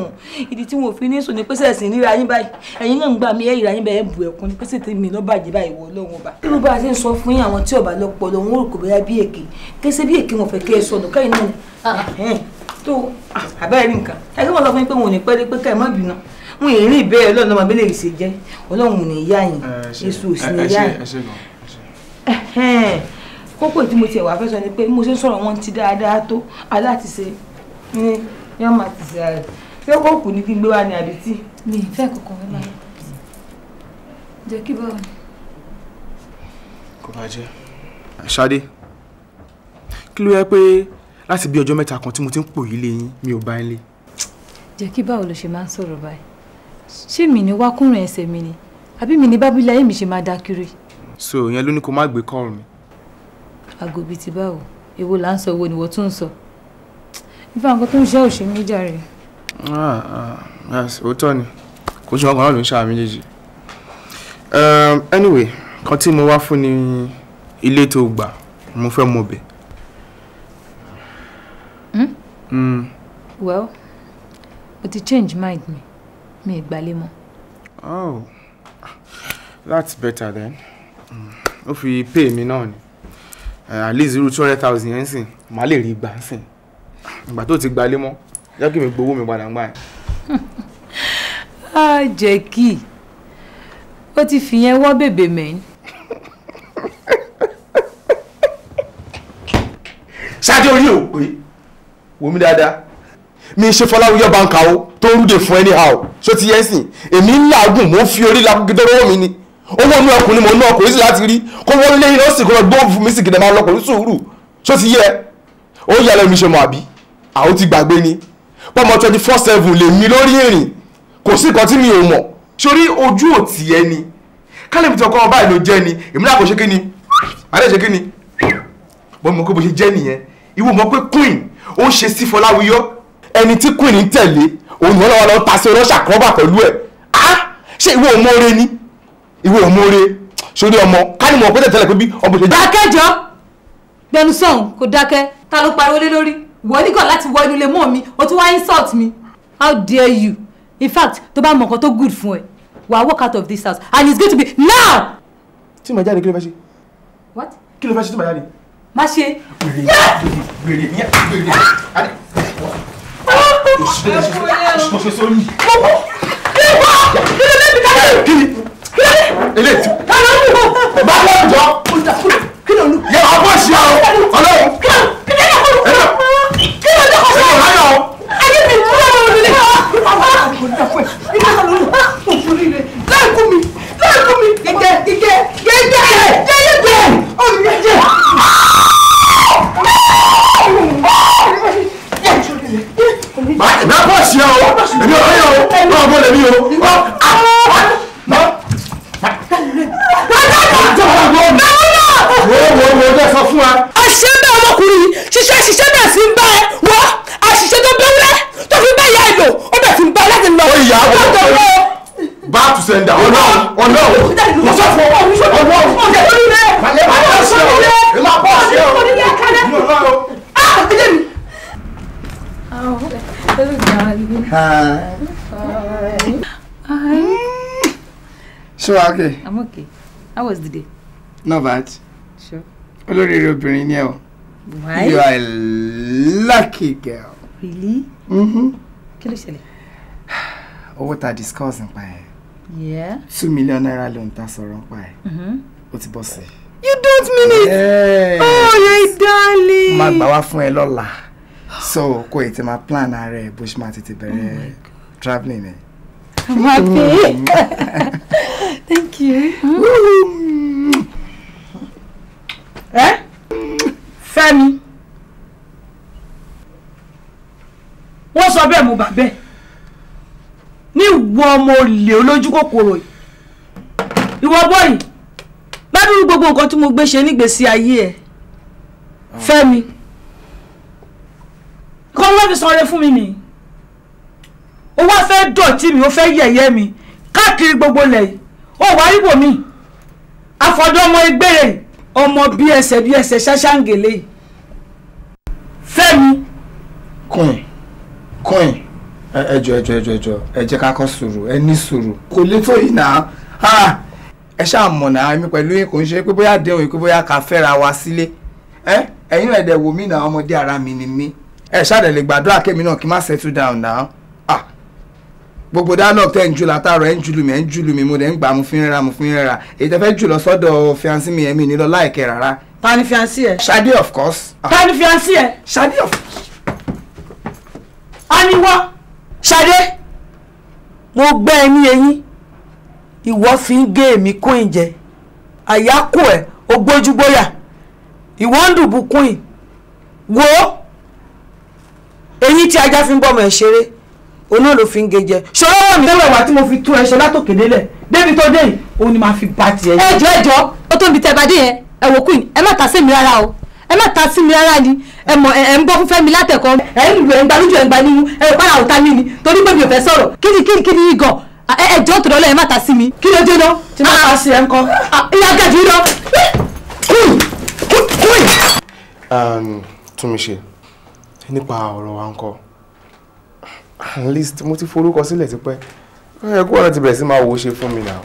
ìdí tí wọn ò fi ní sùn ni pé sẹ̀ sìn ríra yín báyìí ẹ̀yin náà ń gbà mí ẹ̀ ìrà yín bẹ́ẹ̀ bù ẹ̀kún ni pé sẹ̀ tèmi lọ́ bàjẹ́ báyìí wọ lọ́wọ́ bá. bí mo bá ṣe ń sọ fún yín àwọn tí ọba lọ pọ̀ lọ́wọ́ òrùkọ bẹ́ẹ̀ bí èké kí ṣe bí èké wọn fẹ́ kẹ́ ẹ sọnù káyìn náà ah. tó ah, àbẹ́rẹ́ nǹkan ẹgbẹ́ wọn sọ fún yín pé wọn ò ní pẹ́ pé ká ẹ má bínú wọn ì rí ìbéèrè lọ́nà ọmọ abẹ́lẹ̀ ìṣe jẹ́ ọlọ́run ní yá yín èso òsì ní yá yín kókó tí mo tiẹ̀ wá fẹ́ sọ ni pé mo ṣe ń sọ̀rọ̀ wọn ti dáadáa tó aláti ṣe ní yọ́n máa ti ṣe ààrẹ ṣé kó kù ní kí n gbé wá ní àbí tí. mi ì fẹ́ kọ̀ọ̀kan fẹ́ máa jẹ́ kí bọ́ọ̀ ni. kò bá jẹ́ ṣáde kí ló yẹ pé láti bí ọjọ́ mẹ́ta kan tí mo ti ń pò yí lé yín mi ò bá ń lé. jẹ́ kí báwo ló ṣe máa ń sọ̀rọ̀ báyìí ṣé mi ni wákùnrin ẹsẹ̀ mi ni àbí mi ni bábílẹ̀ ayé mi ṣe máa dá kiri. so ìyẹn ló ní kó má gbé kọ́ọ̀rù mi. àgòbí ti báwo èwo là ń sọ èwo ni wọ́n tún ń sọ nípa nǹkan tó ń ṣe òṣè mi jàre. Ah, ah, òótọ́ ni kò sí ọgbọ̀n náà ló ń ṣàmì méjèèjì. Ehm, anyway kan tí mo wá fún ni ilé tó gbà mo fẹ́ mọ̀ bẹ̀. Hmm? Hmm. well mo ti change mind mi mi ì oh that's better then ó fi pay mi náà ni eh, at least irú two hundred thousand yẹn sìn màá lè rí gbà sìn ìgbà tó ti gbalé mọ́ jẹ́ kí mi gbowó mi padà gbà yẹn. a jẹ́ kí ó ti fìyẹn wọ́ bèbè mẹ́rin. ṣáájú orí ò wò mí dáadáa mi ṣe fọláwíyọ banka o tó ń rúde fún anyhow ṣó ti yẹn sìn èmi ń làágùn mò ń fi orí lágídọ́ lọ́wọ́ mi ni owó inú ọkùnrin mò ń ná ọkùnrin sí láti rí kó wọ́n lé iná sì kó lọ gbóhùn fún mi sì kìdẹ̀ máa lọ pẹ̀lú sùúrù ṣó ti yẹ ó yà lẹ́nu iṣẹ́ mọ̀ àbí àwọn ti gbàgbé ni pọ́mọ twenty four seven lè mi lórí ìrìn kò sí nǹkan tí mi ò mọ̀ sórí ojú òtí ẹni kálẹ̀ mi ti ọkọ ọba ìlò jẹ́ ni èmi náà kò ṣe kí ni àlẹ́ ṣe kí ni bọ́n mi mọ̀ pé bó ṣe jẹ́ nìyẹn ìwọ mọ̀ pé queen ó ṣe sí Fọláwíyọ́ ẹni tí queen ń tẹ̀lé òun ni wọ́n lọ́wọ́ lọ́wọ́ ta sí russia kọ́ba pẹ̀lú ẹ̀ ah ṣé ìwé òmóore ni ìwé òmóore sórí ọmọ kánìmọ̀ ọ̀pẹ́ tẹ̀tẹ̀lẹ̀ pé bí ọmọ ṣe. dákẹ́jọ́ bẹnu sọ̀hún kò dákẹ́ ta ló pariwo lé lórí ìwọ nígọ̀ láti wọ inú ilé mọ́ mi o tún wá insult mi how dare you in fact tó bá mọ nǹkan tó good fún ẹ wàá walk out of this house and it's going to be now. tí màá jáde kí ló fẹ́ ṣe. what. kí ló fẹ́ ṣe tí màá jáde. má ṣe. gbèrè gbèrè ní gbèrè. Ah! máa bọ̀ sí ọ èmi ò ráyè o máa bọ̀ lèmi o. wo wo wo dẹ́ sọ fún wa. àṣìṣe bẹ́ẹ̀ ọmọkùnrin ṣiṣẹ́ àṣìṣe bẹ́ẹ̀ fi ń bá ẹ wọ́ àṣìṣe tó bẹ́wúlẹ́ tó fi bẹ́ẹ̀ yá ẹ lò ó bẹ̀ fi ń bá ẹ láti lọ. ó yà á wọ back to sender ọlọ́run ọlọ́run mo sọ fún ọ ọlọ́run. Hi. Hi. Hi. So, okay. I'm okay. How was the day? Not bad. Sure. Olóríire obìnrin ni Why? You are a lucky girl. Really? Mm-hmm. Can ló ṣẹlẹ̀? Owó ta discuss nípa ẹ̀. Yeah. Two million naira ló ń ta sọ̀rọ̀ nípa ẹ̀. Mm-hmm. Ó ti bọ́ sí. You don't mean it! Yes. Oh, my darling! Máa gbà wá fún so kò ì ti máa plan ara ẹ bó ṣe máa tètè bẹ̀rẹ̀ oh travelling ẹ. I'm happy. Thank you. Ẹ eh? Fẹ́mi wọ́n sọ bẹ́ẹ̀ mo bà ni ní ìwọ ọmọ olè olójú kòkòrò yìí ìwọ bọ́ọ̀yì ládùúgbò gbogbo nǹkan tí mo gbé ṣe nígbèésí ayé ẹ oh. Fẹ́mi kọ́ wọ́n fi sanre fún mi ni, ó wá fẹ́ dọ̀tí mi ó fẹ́ yẹ̀yẹ́ mi káàkiri gbogbo lẹ̀ yìí ó wá rí bòmí àfọ̀dọ́ ọmọ egbére ọmọ bí ẹsẹ̀ bí ẹsẹ̀ ṣáṣáǹgèlè fẹ́mi. kọ́ìn kọ́ìn ẹjọ ẹjọ ẹjọ ẹjọ ẹ jẹ́ ká kọ sùúrù ẹ ní sùúrù kò lè tó yìí náà ẹ ṣáà mọ̀ náà èmi pẹ̀lú yín kò ń ṣe pé bóyá àdéhùn yìí pé bóyá ká fẹ́ra wa sílé ẹ̀yin ẹ̀dẹ̀ wò mí náà ọmọdé ara mi ni mí ẹ ṣáàdẹ̀ lè gbàdúrà kémi náà kí n má settle down now ah gbogbo dialogue tẹ́ ń jù látàrọ̀ ẹ̀ ń jùlù mi ẹ̀ ń jùlù mi mo dẹ̀ ń gbà mo fi ń rẹ́ra mo fi ń rẹ́ra èyí tẹ́ fẹ́ jù lọ sọ́dọ̀ fiancé mi ẹ̀mí nílọ láìkẹ́ rárá. ta ni fiancé ẹ. Ṣadé of course. Ah. ta ni fiancé ẹ. Ṣadé of. a ní Ṣadé mo gbẹ́ ẹ ní eyín ìwọ fi ń gé èmi kún ìjẹ àyákù ẹ ògbójúgbóyà ìwọ ń dùbù kún ì wò ó eyín tí ajá fi ń bọ́mọ ẹ̀ ṣeré oná ló fi ń ge jẹ ṣọlá wà mí. tẹ́wọ̀ ìwà tí mo fi tún ẹṣẹ látòkè délẹ̀ débi tó dé yìí òun ni màá fi bá tiẹ̀. ẹ jọ ẹ tó ń bi tẹ́bàdé yẹn ẹ wò queen ẹ má ta sí mi rárá o ẹ má ta sí mi rárá ni ẹ mọ ẹ ń bọ́ fún fẹ́mi látẹ̀kọ́ ẹ ń lu ẹ ń gba lójú ẹ ń gba níyú ẹ ò para òta mi ni torí pé mi ò fẹ́ sọ̀rọ̀ kíni kíni kíni yìí gan ẹ jọ tó ẹ má ta sí mi. kí ló dé lọ tí má ta sí ẹ ń ìyá gàdú lọ. Um, túnmí nípa ọ̀rọ̀ wa ńkọ́ at least mo ti forúkọ sílẹ̀ tipẹ́ ẹ kó ọ̀nà ti bẹ̀rẹ̀ sí máa wo ṣe fún mi náà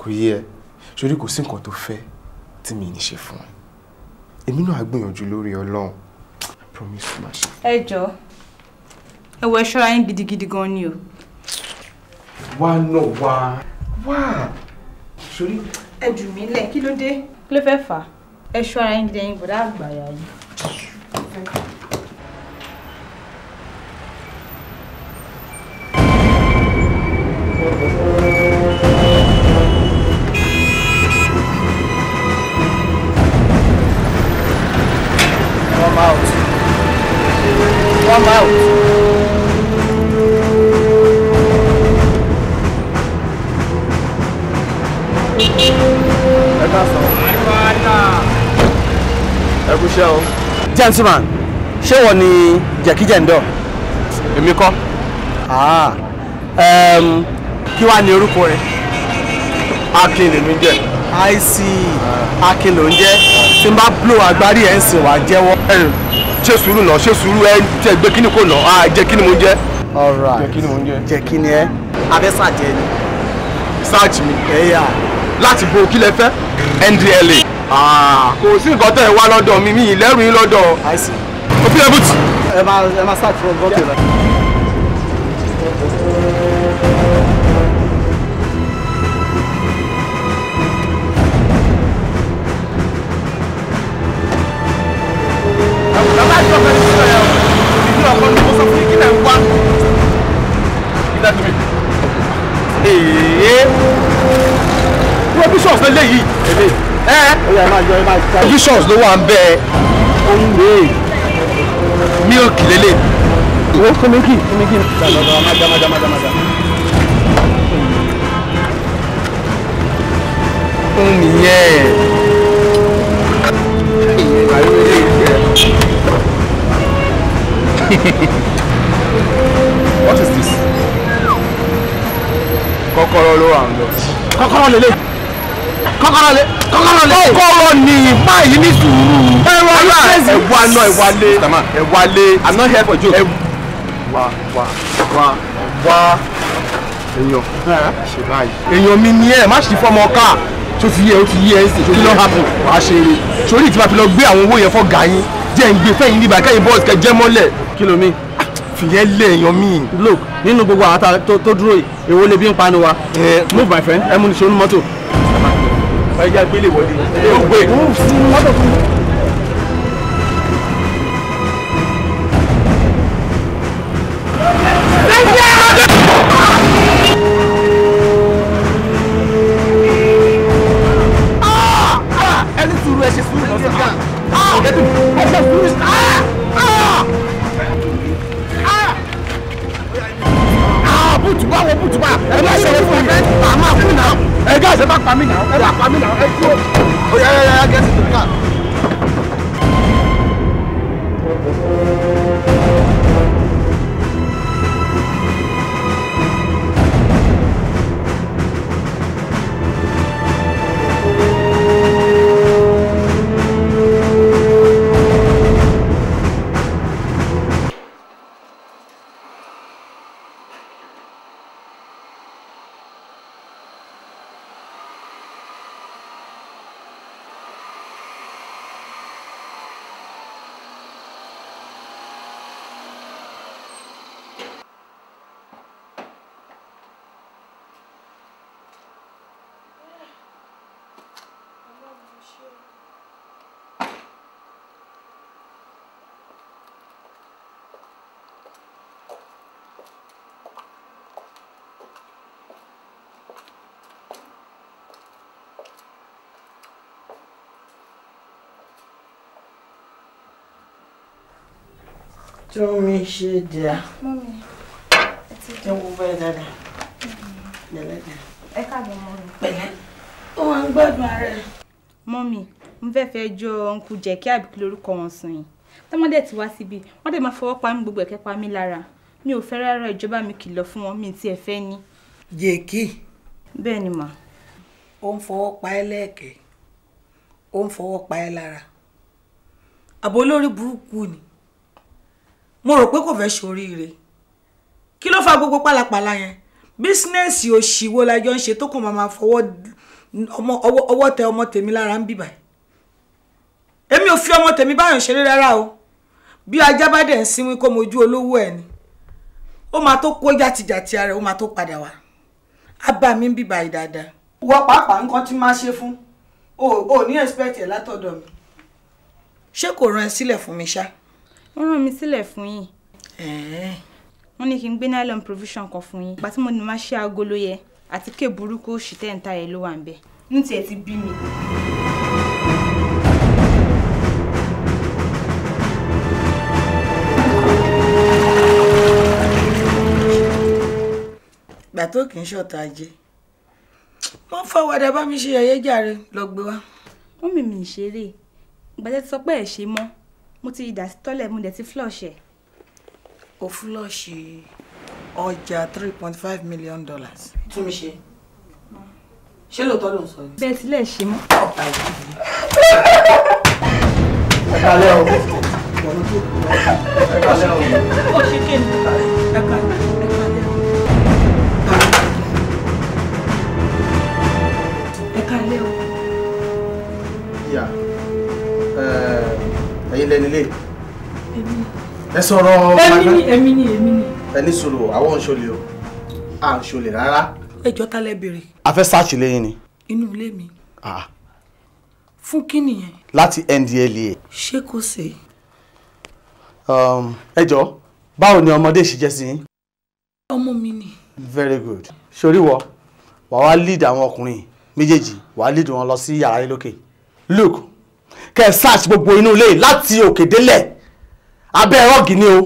kò yé ẹ sórí kò sí nǹkan tó fẹ́ tí mi ní ṣe fún ẹ èmi náà gbìyànjú lórí ọlọ́run promise ma ṣe. ẹ jọ ẹ wọ ẹṣọ ayé gidigidi gan ni o. wá náà wá wá sórí. ẹ jù mí lẹ kí ló dé. kí ló fẹ́ fà á ẹṣọ ara yín dẹyìn bọ̀dá àgbàyà yìí. gentleman ṣé wọ́n ni jẹ̀kíjẹ̀ndọ̀. èmi kọ́. Ah, um, kí wàá ní orúkọ rẹ. akin lèmi jẹ. i see akin ló ń jẹ tí n bá blow agbárí ẹ̀ ń sìn wá jẹ́wọ́. ṣé sùúrù náà ṣé sùúrù ẹ jẹ gbé kíni kò náà jẹ kíni mo jẹ. alright jẹ kíni mo jẹ. jẹ kíni ẹ abẹ́sàjẹ ni. search mi. ẹ̀yà. láti bo kí lẹ fẹ́. ndla. Ah, kò sí nǹkan tẹ̀ wá lọ́dọ̀ mi mi ìlẹ́rù yín lọ́dọ̀ òfin ẹ̀bùtì. ẹ máa ẹ máa start from bottle rẹ. Ee, eh. provisions lè léyìí conditions ló wà ń bẹ mílíọ̀kì lélẹ̀. wọ́n fún mi kì fún mi kì. fún mi yẹn. What is this? kọ́kọ́rọ́ ló wà ń lọ. kọ́kọ́rọ́ lélẹ̀ kọ́kọ́rọ́ lélẹ̀ kọ́kọ́rọ́ ni báyìí ní sùúrù. ẹwà náà ẹwà náà ẹwà lé ẹwà lé i'm not here for joke. wá wá wá wá èèyàn ṣe báyìí. èèyàn mi ni ẹ má ṣe fọmọ ká tó ti yẹ ó ti yẹ ẹ sì kí ló hàpù wá ṣe eré sórí ìtura fi lọ gbé àwọn owó yẹn fọ gàyín jẹ́ ń gbé fẹ́yìn níbà kẹ́yìn bọ́ọ̀sì kẹ́ jẹ́ mọ́lẹ̀. kí ló mi fìyẹn lé èèyàn míì. look nínú gbogbo àwọn tó dúró yìí èwo lè bí ń panu wa. move my friend ẹ mú ní ṣe onímọ́tò ẹja gbélé wọlé. ó gbé. ṣe dìá ẹ wo bẹ́ẹ̀ dáadáa pẹ̀lẹ́ mm-hmm. ẹ káàbọ̀ mọ́ mi pẹ̀lẹ́ ó wà ń gbádùn ara rẹ̀. mọ́mì mo fẹ́ fẹ́ jọ ọ̀nkú jẹ́ kí àbíkí lórúkọ wọn sùn yìí tọ́mọdé ti wá síbi wọ́n dẹ̀ máa fọwọ́ pa mí gbogbo ẹ̀kẹ́ pa mí lára mi ò fẹ́ rárá ìjọba mi kìlọ̀ fún wọn mi tiẹ̀ fẹ́ ni. jèkì. bẹ́ẹ̀ ni mà. ó ń fọwọ́ pa ẹ́ lẹ́ẹ̀kẹ́ ó ń fọwọ́ pa ẹ́ lára àbò olórí burúkú ni mo rò pé kò fẹ́ ṣoríire kí ló fa gbogbo pálapàla yẹn bísínẹ́sì òṣìwò lájọ ń ṣe tó kàn máa fọwọ́ ọwọ́ tẹ ọmọ tèmi lára ń bìbà èmi ò fi ọmọ tèmi báyọ̀ ṣeré rárá o bí ajá bá dẹ̀ ń sinmi kó mojú olówó ẹ̀ ni ó máa tó kó jàtìjàtì ara ẹ̀ ó máa tó padà wá á bá mi ń bìbà yìí dáadáa. wọ pàápàá nǹkan tí máa ṣe fún o ò ní expect ẹ̀ látọ̀dọ̀ mi ṣé kò rán ẹ sílẹ̀ fún mi ṣáá ó ràn mí sílẹ̀ fún yín. wọ́n ní kí n gbé nylon provision kan fún yín ìgbà tí mo ní máa ṣe agolo yẹ àti ké burúkú òṣì tẹ́ǹtà yẹn ló wà ń bẹ̀. inú tiẹ̀ ti bí mi. ìgbà tó kì í ṣọ̀tá ajé wọ́n fọwọ́dà bá mi ṣe yẹ̀yẹ́ jàre lọ wọ́n mímì ìṣeré ìgbàjẹ́ ti sọ pé ẹ̀ ṣe mọ́ mo ti dà sí tọ́lẹ̀ mo dẹ̀ ti flush o flush ọjà three point five million dollars. túnmí ṣe ṣé lóòótọ́ ló ń sọ ni. bẹ́ẹ̀ sílẹ̀ ṣe mọ́. ẹ kalẹ́ o. ẹ kalẹ́ o. ó ṣe kéde. ẹ kalẹ́. lẹ́nu lé. ẹ sọ̀rọ̀. èmi ni èmi ni èmi ni. ẹ ní sùúrù àwọn ń ṣolè o à ń ṣolè rárá. ẹjọ́ ta lẹ bèrè. a fẹ́ ṣáàṣì lẹ́yìn ni. inú ilé mi. fún kí nìyẹn. láti NDLEA. ṣé kò ṣe. Um, ẹ jọ báwo ni ọmọdé ṣe jẹ́ sí yín. ọmọ mi ni. very good sori wọ wàá wá lead àwọn ọkùnrin méjèèjì wàá lead wọn lọ sí yàrá lókè luke kẹ́ ẹ search gbogbo inú ilé láti òkè délẹ̀ abẹ́ rọ́ọ̀gì ni o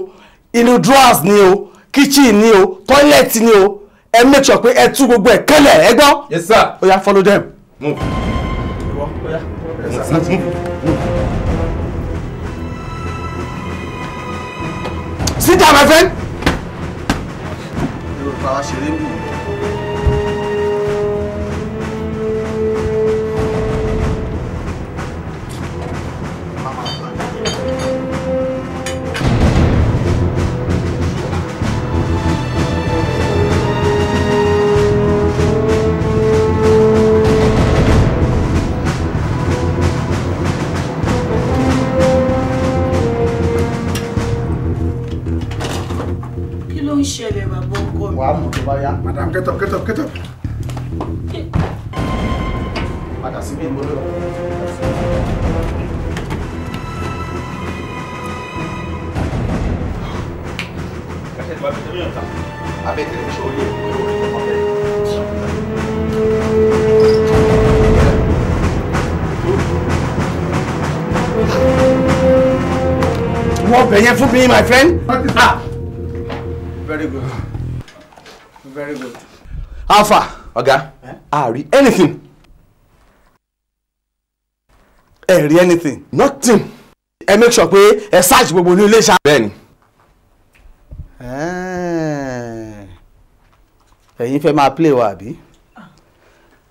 inú drawers ni o kitchen ni o toilet ni o ẹ make sure pé ẹ tú gbogbo ẹ̀ kẹ́lẹ̀ ẹ gbọ́. yes sir. ó yá follow them. move. move. move. sit down my friend. yorùbá ṣeré mi. ń ṣẹlẹ̀ bàbá ọkọ mi. wàá mú tó bá yá. madam get up get up get up. padà síbí ìmúlò. Avete le scioglie, wọ́n bẹ̀yẹn fún mi my friend. Ah! very good very good. alpha okay. a rí anything ẹ rí anything nothing ẹ make sure pé ẹ search gbogbo ní ilé iṣẹ́. bẹ́ẹ̀ni. ẹ̀yin fẹ́ máa play wa àbí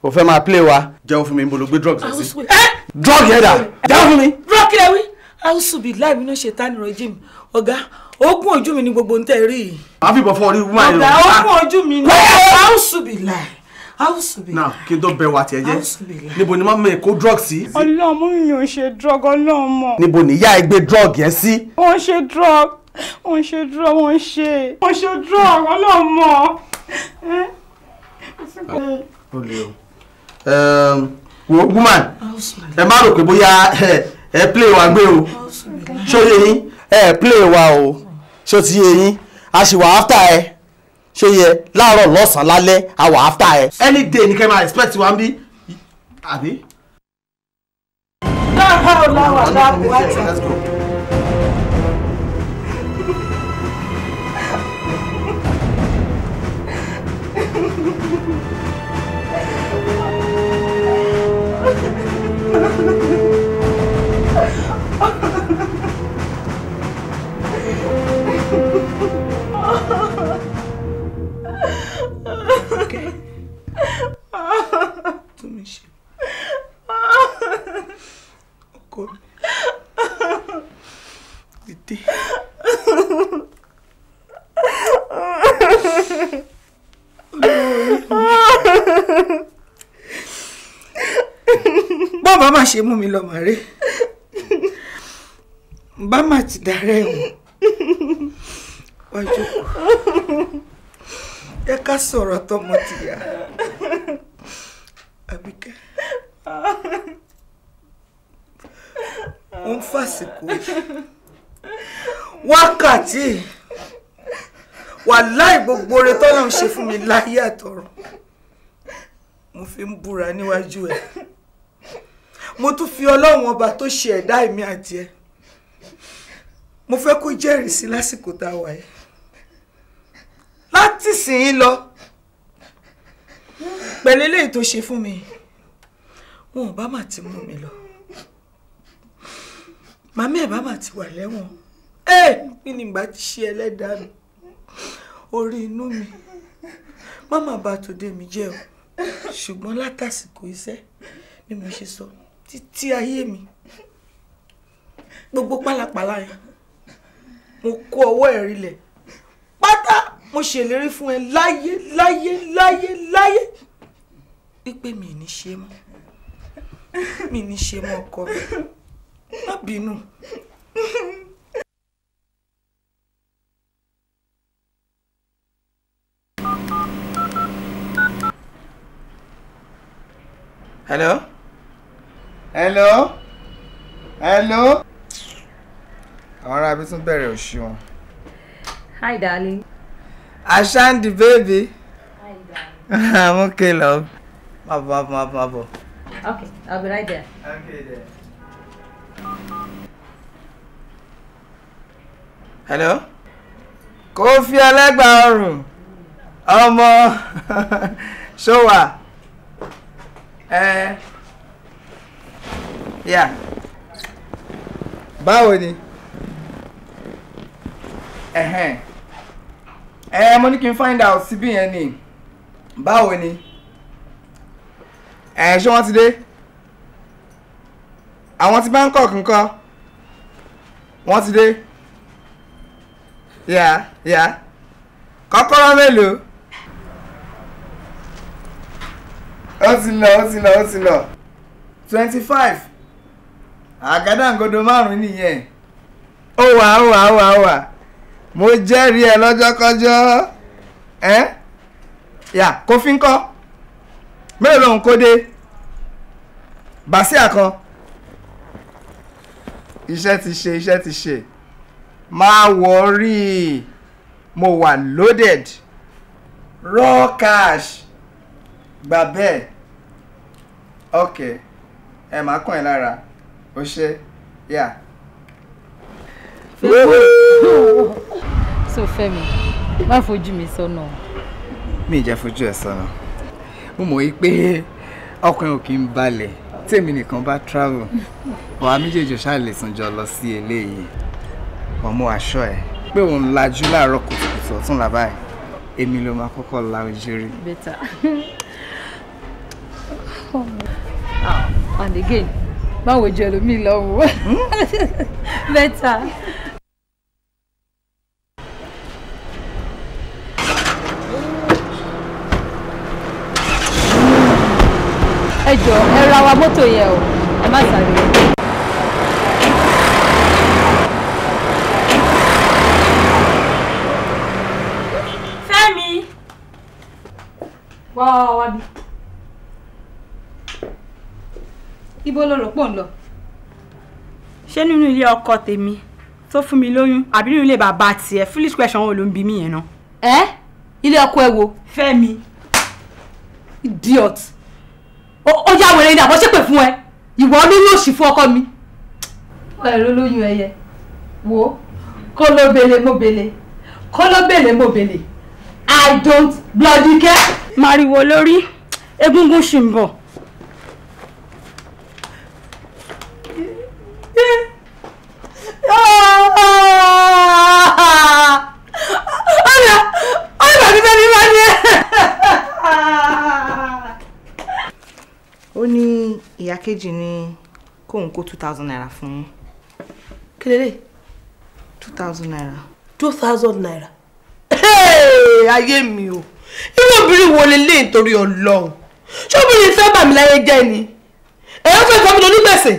o fẹ́ máa play wa. jẹ́wọ́ fún mi mo lọ gbé drugs ẹ̀ sí. drug yẹn dà jẹ́wọ́ fún mi. drug kí lè wí. a ó sùn bí láì mi náà ṣe tánirọ̀ jíìmù ọ̀gá ogún ojú mi ni gbogbo ń tẹ́ rí i. a fi bọ̀ fọ orí wúmọ̀ ẹ̀rọ. ọ̀gá ogún ojú mi ni àwùsùbìlà àwùsùbìlà. náà kí n tó bẹ wa tiẹ̀ jẹ́ níbo ni mọ́mọ́ ẹ̀ kó drug sí. ọlọ́run mú mi ò ṣe drug ọlọ́run mọ̀. níbo nìyá ẹ gbé drug yẹn sí. wọ́n ṣe drug wọ́n ṣe drug wọ́n ṣe wọ́n ṣe drug ọlọ́run mọ̀. wo woman ẹ má rò pé bóyá ẹ play wa gbé o ṣó yẹ yín ẹ play wa o ṣó ti yé yín a sì wà áfítà ẹ ṣó yẹ láàárọ̀ lọ́sàn-án a wà áfítà ẹ. any day ni kẹ́ máa expect wa ń bí àbí. láàárọ̀ láwà láàbù wájà. Thank you. ọkọ mi dìde. bàbá má ṣe mú mi lọ màrí bá má ti dàrẹ́ ẹ̀wọ̀n wájú ẹ ká sọ̀rọ̀ tọmọ tìyà àbíkẹ́ ń fàsìkò wákàtí wà láì gbogbo oore tọ́lọ́run ṣe fún mi láyé àtọ̀run mo fi ń búra níwájú ẹ̀ mo tún fi ọlọ́run ọba tó ṣe ẹ̀dá èmi àti ẹ̀ mo fẹ́ kó jẹ́rìí sí lásìkò tá a wà yìí láti sìn lọ pẹ̀lú eléyìí tó ṣe fún mi wọn ò bá mà ti mú mi lọ màmá ẹ̀ bàbá ti wà lẹ́wọ̀n kí ni ìgbà ti ṣe ẹlẹ́dàá mi orí inú mi má má bà tòde mi jẹ́ o ṣùgbọ́n látàsìkò iṣẹ́ ni mo ṣe sọ títí ayé mi gbogbo pálapàla yẹn mo kó ọwọ́ ẹ̀ rilẹ̀ pátá mo ṣèlérí fún ẹ láyé láyé láyé láyé wípé mi ì ní ṣe mọ́ mi ì ní ṣe mọ́ ọkọ mi má bínú. hello hello hello àwọn ará abí tún bẹ̀rẹ̀ òṣùwọ̀n. hi darling. Ashanti, baby. hi darling. i'm okay love. Ma, ma, mabọ ma, mabọ. okay i'll be right there. okay there. hello Kofi Ẹlẹ́gbà Ọrùn ọmọ ṣọwà ẹ yà báwo ni ẹ̀hẹ̀n ẹ mo ní kí n find out síbí yẹn ni báwo ni ẹ ṣé wọ́n ti dé àwọn ti Bangkok ńkọ́ wọ́n ti dé yà yà kọ́kọ́rọ́ mélòó. ó ti lọ ó ti lọ ó ti lọ twenty five àgádágodo márùn-ún nìyẹn ó wà ó wà ó wà ó wà mo jẹ́rìí ẹ lọ́jọ́kọ́jọ́ ẹ́ yà kó fi ń kọ́ mélòó lòun dé bàṣẹ́ àkan iṣẹ́ ti ṣe iṣẹ́ ti ṣe má wọrí mo wà loaded raw cash gbà bẹ́ẹ̀ ok ẹ máa kàn ẹ́ lára ó ṣe yà. so Fẹ́mi má fojú mi sọ́nà. mi ìjà fojú ẹ sọ́nà mo mọ̀ wípé ọkùnrin ò kí ń balẹ̀ tèmi nìkan bá travel ọ̀hà méjèèjì ṣáà lè sùn jọ lọ sí eléyìí wọn mú aṣọ ẹ pé òun lajú láàárọ̀ kùtùkùtù ọ̀tún là báyìí èmi ló máa kọ́kọ́ la ojú rí. bẹ́tà ah, and again báwo jẹ́ lómi lọ́wọ́ hmm? bẹ́tà. ẹ jọ ẹ ra wa mọ́tò yẹn o ẹ má sáré. wá wá ibo ló rò pò ń lọ. ṣé nínú ilé ọkọ tèmi tó fún mi lóyún àbí nínú ilé bàbá tiẹ̀ foolish question wo ló ń bi mí yẹn náà. ẹ ilé ọkọ ẹ wo. Fẹ́mi idiot O yá wẹrẹ ni àbọ̀ ṣépè fún ẹ ìwọ olóyún òsì fún ọkọ mi. ẹ̀rọ olóyún ẹyẹ wo kó ló bèlè mo bele. kó ló bèlè mo bele. I don't bloody care màrìwò lórí egúngún ṣì ń bọ̀. ọ̀nà ọ̀nà mi fẹ́ mi máa ní ẹ̀. ó ní ìyá kejì ní kóun kó two thousand naira fún un. kí two thousand naira. two thousand naira. ayé mi o irú obìnrin wo lélẹ̀ nítorí ọlọ́run ṣé obìnrin fẹ́ bà mí láyé jẹ́ ni ẹ̀rọ fẹ́ sọ mí lórí gbèsè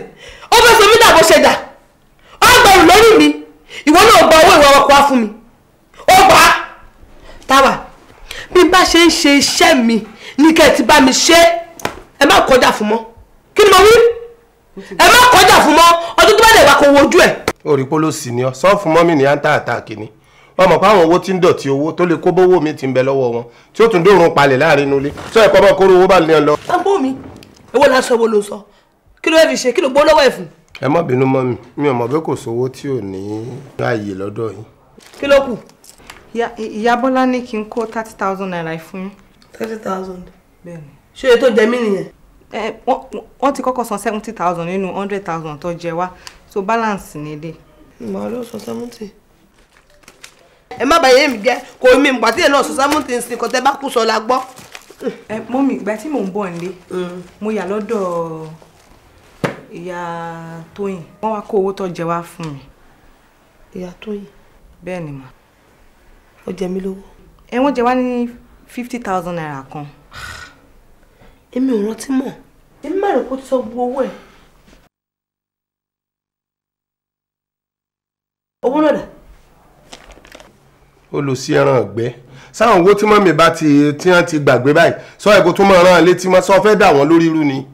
ó fẹ́ sọ mí dàbó ṣe dà ó gbẹrù lórí mi ìwọ náà gba owó ìwà ọkọ̀ wá fún mi ó gbà á táwa bí n bá ṣe ń ṣe iṣẹ́ mi ní kẹ́ ẹ ti bá mi ṣe ẹ má kọjá fún mọ́ kí ni mo wí ẹ má kọjá fún mọ́ ọdún tó bá lè wá kó wojú ẹ̀. òrìpólósì ni ọ sọ fún mọ́mì ní àǹtà àtàkì ni wọ́n mọ̀ pé àwọn owó tí ń dọ̀tí owó tó lè kó bówó mi ti ń bẹ lọ́wọ́ wọn tí ó tún dóorùn palẹ̀ láàrin inú ilé sọ ẹ̀kọ́ bá kóró owó bá lè lọ. pampo mi èwo la sọ wo ló sọ kí ló fi ṣe kí ló gbó lọ́wọ́ ẹ̀ fún. ẹ má bínú mọ́ mi mi ò mọ̀ pé kò sówó tí ò ní ààyè lọ́dọ̀ yìí. kí ló kù. ìyá ní kí n kó thirty thousand naira fún yín. thirty thousand bẹ́ẹ̀ni. ṣé ètò jẹ mí nìyẹn. wọ́n ti kọ́kọ́ san seventy thousand nínú hundred thousand tó jẹ wá so balance ni dé. ìmọ̀ ló sọ seventy ẹ má bàyẹ̀ mi jẹ́ kò mí ìgbà tí èèyàn náà sọ seven things nǹkan tẹ́ bá kú sọ la gbọ́. ẹ mọ mi ìgbà tí mò ń bọ̀ nílé mm. mo yà lọ́dọ̀ ìyá Tóyìn wọ́n wá kó owó tó jẹ wá fún mi. ìyá Tóyìn. bẹ́ẹ̀ ni mà. ó jẹ mí lówó. ẹ wọ́n jẹ wá ní fifty naira kan. èmi ò rántí mọ́ èmi má rò kó ti sọ gbogbo owó ẹ̀. owó náà dà ó lọ sí ẹran ọ̀gbẹ́ sáwọn owó tí mọ́mí bá ti tí wọ́n ti gbàgbé báyìí sọ èkó tó mọ̀ ràn létí mọ́ sọ fẹ́ dà wọ́n lórí irú ni.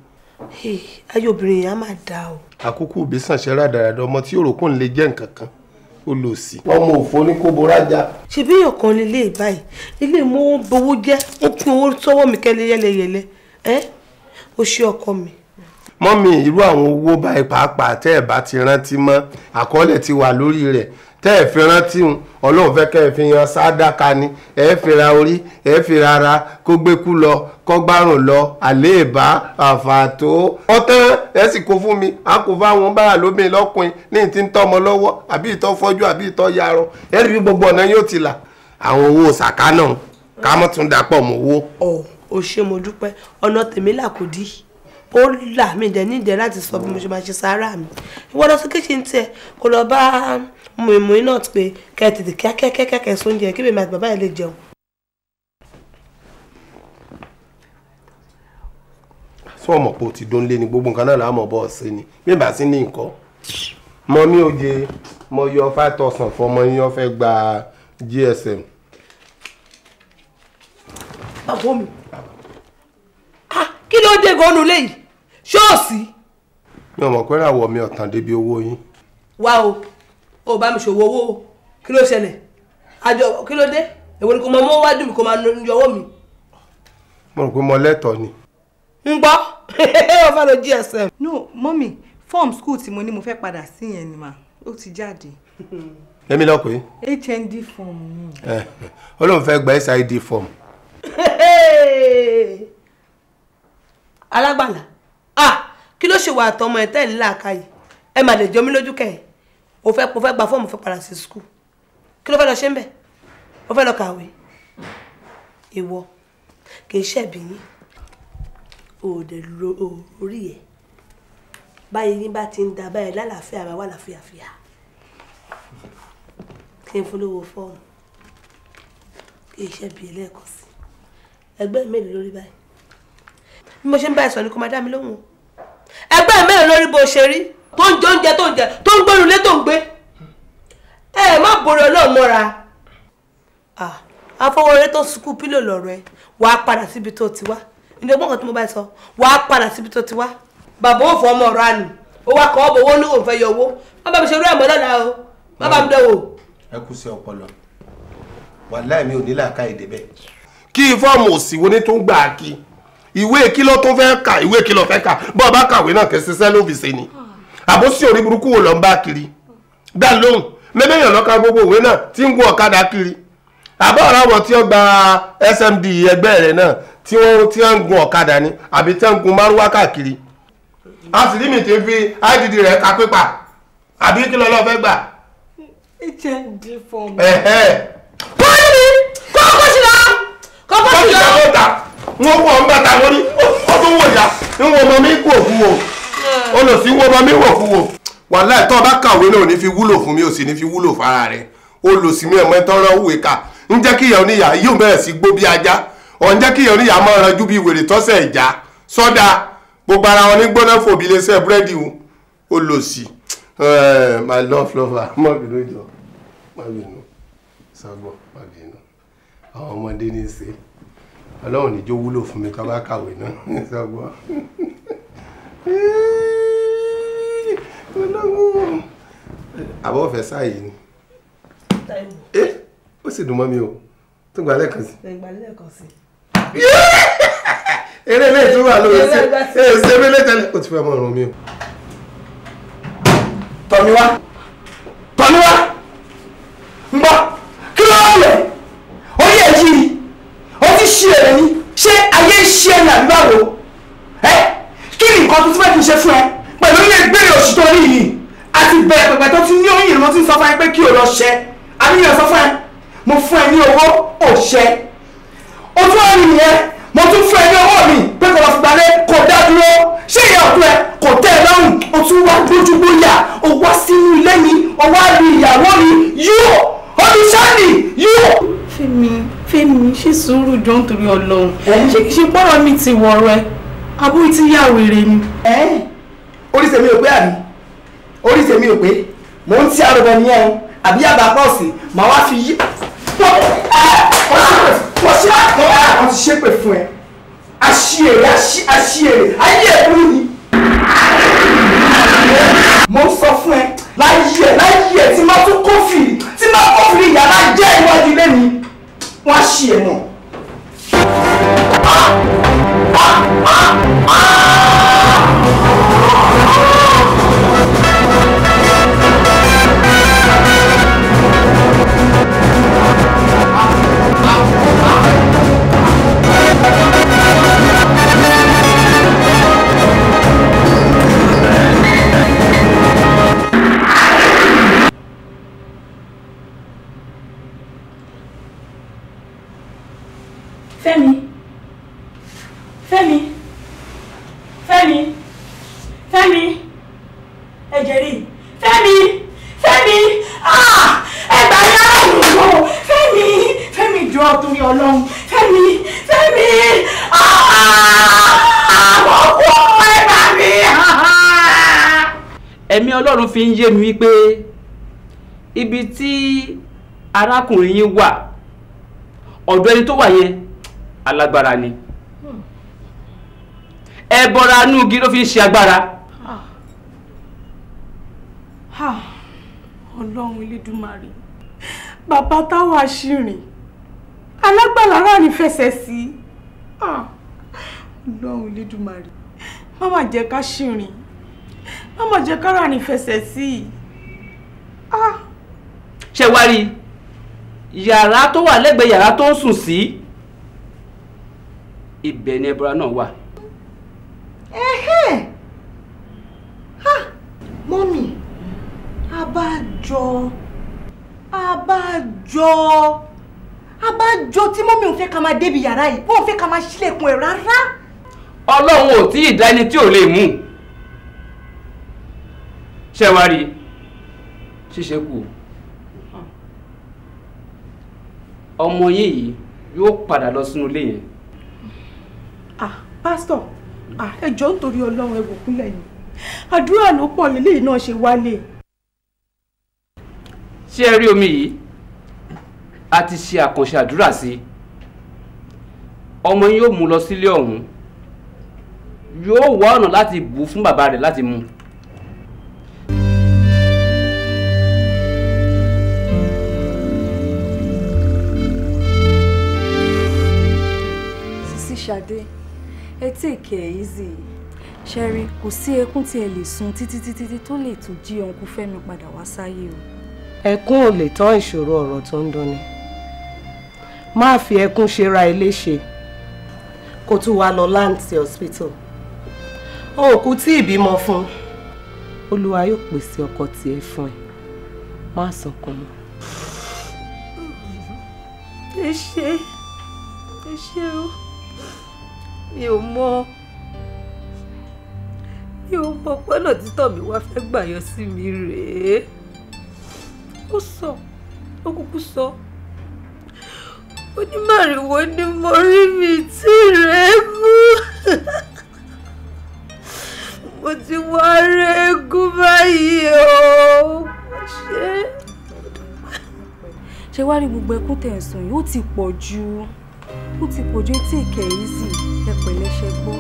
ayé obìnrin yẹn á máa da o. àkókò òbí sànṣẹ́ rádaràdà ọmọ tí òròkó ń lè jẹ́ nǹkan kan ó lò sí. ọmọ òfò ní kó borájà. ṣebí èèyàn kan lélẹ̀ báyìí ilé mọ́ ó bowó jẹ́ ó kún owó sọ́wọ́ mi kẹ́lẹ́ yẹ́lẹyẹ̀lẹ ẹ́ ó ṣe ọkọ mi mọ́mí irú àwọn owó báyìí pàápàá tẹ́ ẹ̀ bá ti rántí mọ́ àkọọ́lẹ̀ ti wà lórí rẹ̀ tẹ́ ẹ̀ fi rántí un ọlọ́run fẹ́ kẹ́ ẹ̀ fi yan sádáka ni ẹ̀ fi ra orí ẹ̀ fi ra ara kó gbẹ́kú lọ kó gbárùn lọ àléèbá àfàtó. ọtán ẹ sì kó fún mi a kò fún àwọn báyà lóbìnrin lọ́kùnrin ní ti ń tọ́mọ lọ́wọ́ àbí ìtọ́ fọ́jú àbí ìtọ́ yarọ ẹ rí bí gbogbo ọ̀nà yóò ti là àwọn owó sàká ká mọ́ tún dapọ̀ mọ́ owó. ọ ò ṣe mo dúpẹ́ ọ̀nà tèmi là kò dí ó là mí dẹ̀ nídẹ̀ẹ́ láti sọ bí mo ṣe máa ṣe sáárà mi ìwọ lọ sí kíchìn tiẹ̀ kò lọ bá mo ìmọ̀ iná pé kẹ́ ẹ tètè kíákíákíá kẹ́ ẹ sóúnjẹ kí bèmi àti bàbá yẹn lè jẹun. sọ ọmọ pé o ti dónlé ni gbogbo nǹkan náà làá mọ̀ bọ́ sí ni bí ìbá sí ní nǹkan mọ mi ò jẹ mo yọ five thousand fọmọ yín ọ gba GSM. bàbá mi ah, kí ló dé gan-an léyìí ṣọ́ọ̀ṣì. mi ò mọ̀ pé ràwọ̀ mi ọ̀tàn débi owó yín. wá o. Wow ó bá mi ṣòwò owó kí ló ṣẹlẹ̀ àjọ kí ló dé èwo ni kò máa mọ́ wájú mi kò máa yọ owó mi. mo rò pé mo lẹ́tọ̀ọ́ ni. ń gbọ́ wọ́n fẹ́ lọ gsm. no mọ́mì form school tí mo ní mo fẹ́ padà sí yẹn ni mà ó ti jáde. èmi lọ pé. hnd form mi. olóhùn fẹ́ gba sid form. alágbàlà ah kí ló ṣe wà àtọmọ ẹ tẹ́lẹ̀ láàkàyè ẹ má lè jọ mí lójú kẹ́ẹ̀ mo fẹ́ mo fẹ́ gba fọ́ọ̀mù fẹ́ padà sí skul kí ló fẹ́ lọ ṣe ń bẹ̀ mo fẹ́ lọ kàwé ìwọ kì í ṣẹ̀bi yín òòdè lo orí ẹ̀ báyìí yín bá ti ń da báyìí lálàáfíà bá wà láfíàfíà kí n fúnlówó fọ́ọ̀mù kí n ṣẹ̀bi ẹlẹ́ẹ̀kan sí ẹgbẹ́ mélòó lórí báyìí bí mo ṣe ń bá ẹ sọ ni kò máa dá mi lóhùn ẹgbẹ́ mélòó lórí bó ṣe rí tó ń jẹ oúnjẹ tó ń jẹ tó ń gbẹ́rù lé tó ń gbé ẹ má borí ọlọ́run mọ́ra afọwọ́rẹ́ tó sunkún pílò lọ́rọ̀ ẹ wàá padà síbi tó ti wá ilé ọgbọ́n kan tí mo bá sọ wàá padà síbi tó ti wá bàbá òfò ọmọ ọ̀rọ̀ àná ó wá kọ́ ọ̀bọ̀ owó ní òun fẹ́ yọ owó má bàbá mi ṣe irú ẹ̀mọ́ lọ́la o má bàbá mi dẹ̀wò. ẹ kú sí ọpọlọ wàláì mi ò ní làákà èdè bẹ́ẹ̀. kí fọ́ọ̀mù òsìwò ní tó ń gbà á kí ìwé kí ló tún fẹ́ kà ìwé kí ló fẹ́ kà bọ́ọ̀ bá kàwé náà kẹsí sẹ́lófìsì ni àbó sí orí burúkú wo lọ ń bá kiri dá lóhùn mẹ́mẹ́yàn lọ́ka gbogbo òwe náà tí ń gun ọ̀kadà kiri àbá ọ̀rọ̀ àwọn tí ó gba SMD ẹgbẹ́ rẹ̀ náà tí wọ́n ti ń gun ọ̀kadà ni àbí tí ń gun márúwá káàkiri àsìlímì tí fi IDD rẹ̀ ka pípa àbí kí lọ́lọ́ fẹ́ gbà. hnd form. pọ́ọ̀lì kọ́kọ́ sí lọ kọ́kọ́ sí lọ. kọ́kọ́ sí lọ wọ́n wọ̀ lórí ó tún wọ̀ ya ń wọ̀ ọmọ mi kú òkú o olùsí wo ọmọ mi wò kú wò wàláì tó o bá kàwé náà ò ní fi wúlò fún mi ò sì ní fi wúlò fara rẹ olùsí mi ọmọ ẹtọ́ rán òwe ká ń jẹ́ kí ìyàwó níyà yóò bẹ̀rẹ̀ sí gbó bí ajá ọ̀ ń jẹ́ kí ìyàwó níyà máa ranjú bí wèrè tọ́sẹ̀ ìjà sọ́dà gbogbo ara wọn ní gbọ́dọ̀ fòbí léṣẹ́ búrẹ́dì olùsí eh, my love lover má bínú jọ má bínú sọgbọ́n má bínú àwọn ọmọdé ní í ṣe ọlọ́run níjó wúlò fún mi tó bá kàwé náà sọgbọ́n. àbọ̀ fẹ́ sáàyè ni ẹ eh, ó sì dùn mọ́ mi o tó gbà lẹ́ẹ̀kan sí. gbà lẹ́ẹ̀kan sí. eré ilé ìtura ló ń ṣe é ṣe mí létẹ́lẹ̀ ó ti fẹ́ mọ ọ̀run mi o. tọ́miwá tọ́miwá ń bọ́ kí ló ń lẹ̀ ó yẹ jí ó ti ṣe èrè ní ṣé ayé ń ṣe ẹ̀ nàbí báwo ẹ́. Eh? ní nǹkan tó ti bẹ́ẹ̀ ti ṣe fún ẹ pẹ̀lú ilé gbére oṣù tó yìí àti bẹ̀rẹ̀ pẹ̀pẹ̀ tó ti ní oyin ìran tí ń sọ fún ẹ pé kí o lọ ṣẹ àníyàn sọ fún ẹ mo fún ẹ ní owó òṣẹ ojú ọ̀rìn yẹn mo tún fún ẹ ní owó mi pé kò lọ fìgbà lé kò dá dúró ṣé ìyá ọ̀tún ẹ kò tẹ́ ẹ lọ́rùn o tún wá gbójú gbóyà o wá sínú ilé mi o wá lu ìyàwó mi yóò ọdún sáàlì yóò. Fẹ́mi Fẹ́mi ṣe sùúrù jọ nítorí Ọlọ́run ṣe bọ́rọ̀ mi ti wọ̀rọ̀ ẹ Abu, ti ya wèrè ni. oríṣi mi ò pé àbí oríṣi mi ò pé mò ń tí arọbọ nìyẹn o ya àbá pọ́ọ̀sì màá wá fi yí. mo ṣe àpò àwọn ti ṣépè fún ẹ aṣíèrè aṣíèrè ayé ẹ̀kú ni mo sọ fún ẹ láyé ẹ láyé ẹ tí máa tún kófìrí tí máa kófìrí yàrá jẹ́ ìwádìí lẹ́ni wọ́n á ṣí Ah! fi ń yé mi wípé ibi tí arákùnrin yín wà ọ̀dọ̀ ẹni tó wà yẹn alágbára ni hmm. ẹ bọra inú igi ló fi ń ṣe agbára. Ah. Ah. ọlọ́run elédùmarè bàbá táwọn aṣírìn alágbára ráàrin fẹsẹ̀ sí ah. ọlọ́run elédùmarè má má jẹ́ ká ṣìrìn má mà jẹ́ kára ní fẹsẹ̀ sí i. Ah. ṣé wá rí yàrá tó wà lẹ́gbẹ̀ẹ́ yàrá tó ń sùn sí ibẹ̀ ni ẹbọra náà wà. mọ́mì abájọ abájọ abájọ tí mọ́mì ò fẹ́ ká máa débi yàrá yìí wọ́n ò fẹ́ ká máa ṣílẹ̀kùn ẹ̀ rárá. ọlọ́run ò tí ì dá ẹni tí ò lè mú un ṣé wàá rí ṣíṣe kù ọmọ yín yìí yóò padà lọ sínú ilé yẹn. ah pásítọ̀ ah ẹ jọ̀ọ́ nítorí ọlọ́run ẹ wòkú lẹ́yìn àdúrà ló pọ̀ lélẹ́yìn náà ṣe wálé. ṣé ẹ rí omi yìí a ti ṣe àkànṣe àdúrà sí i ọmọ yín yóò mú lọ sílé ọ̀hún yóò wá ọ̀nà láti bù fún bàbá rẹ̀ láti mú un. Ṣadé ẹ take it easy ṣẹ́rí kò sí ẹkún tí ẹ lè sun títí títí tó lè tó jí ọ̀nkú Fẹ́mi padà wá sáyé o. ẹkún ò lè tán ìṣòro ọ̀rọ̀ tó ń dunni máa fi ẹkún ṣe ra ilé ṣe kó tún wá lọ láǹtì hospital o ò kú tí ìbímọ fún olúwa yóò pèsè ọkọ tiẹ̀ fún ẹ má sọkàn mọ́. ẹ ṣé ẹ ṣé o mi ò mọ mi ò mọ pọ́nà títọ̀ mi wá fẹ́ gbàyọ sí mi rèé ó sọ ó kúkú sọ onímọ̀rìnwó ni mo rí mi tí rẹ̀ mú mo ti wá rẹ́gún báyìí o ṣé. ṣé wàá rí gbogbo ẹkún tẹ̀sán yìí ti pọ̀ ju ó ti pọ̀ ju etí ìkẹyìn sí i ṣe gbọ́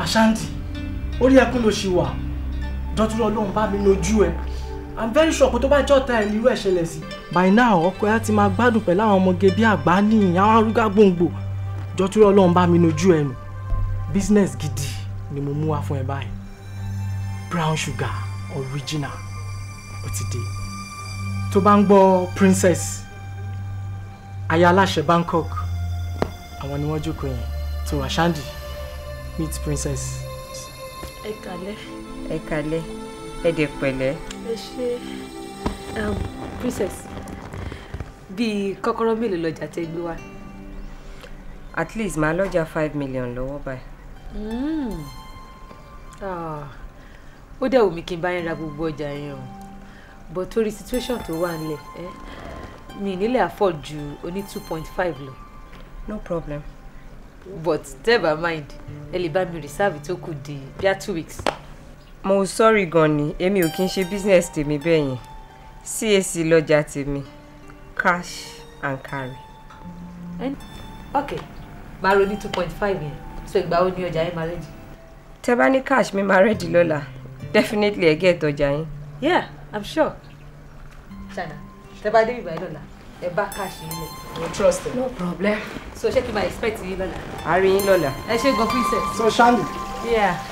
Ashanti orí ẹkún ló ṣì wà dọ́túrọ́ lóun bá mi lójú ẹ I'm very sure kó tó bá jọ́ta ẹ̀ nírú ẹ̀ ṣẹlẹ̀ sí by now ọkọ ẹ ti máa gbádùn pẹ̀lú àwọn ọmọge bíi àgbá nìyí àwọn arúgá gbòǹgbò jọtúrọ Ọlọ́run bá mi nojú ẹnu business gidi ni mo mú wá fún ẹ báyìí brown sugar original ó ti dé tó bá ń gbọ́ princess aya aláṣẹ Bangkok àwọn ni wọ́n jókòó yẹn tó Ashandi meet princess. ẹ kàlẹ́. ẹ kàlẹ́ ẹ dẹ̀ pẹ̀lẹ́. ẹ ṣe um, princess bíi kọ́kọ́rọ́ mélòó lọ́jà tẹ́ gbé wá. at least màá lọ́jà five million lọ́wọ́ báyìí. Hmm. Ah. ó dẹ̀ wù mí kí n bá yín ra gbogbo ọjà yẹn o but torí situation tó wà nílẹ̀ mi nílẹ̀ afford ju oní two point five lọ. no problem. but never mind ẹ lè bá mi reserve tó kù di bíá two weeks. mo sọ́ọ̀rì gan ni èmi ò kí ń ṣe business tèmi bẹ́ẹ̀ yẹn CAC lọ́jà tèmi cash and carry. And, okay máa ro ní two so ìgbà wo ni ọjà yín máa rẹ́dì. tẹ bá ní cash mi máa rẹ́dì lọ́la definitely ẹ̀ get ọjà yín. yeah i'm sure. chana tẹ bá dé ìgbà yín lọ́la ẹ cash yín lẹ. no trust no problem. so ṣé kí n máa expect yín lọ́la. a rí yín lọ́la. ẹ ṣe princess. so ṣáàlì. yeah.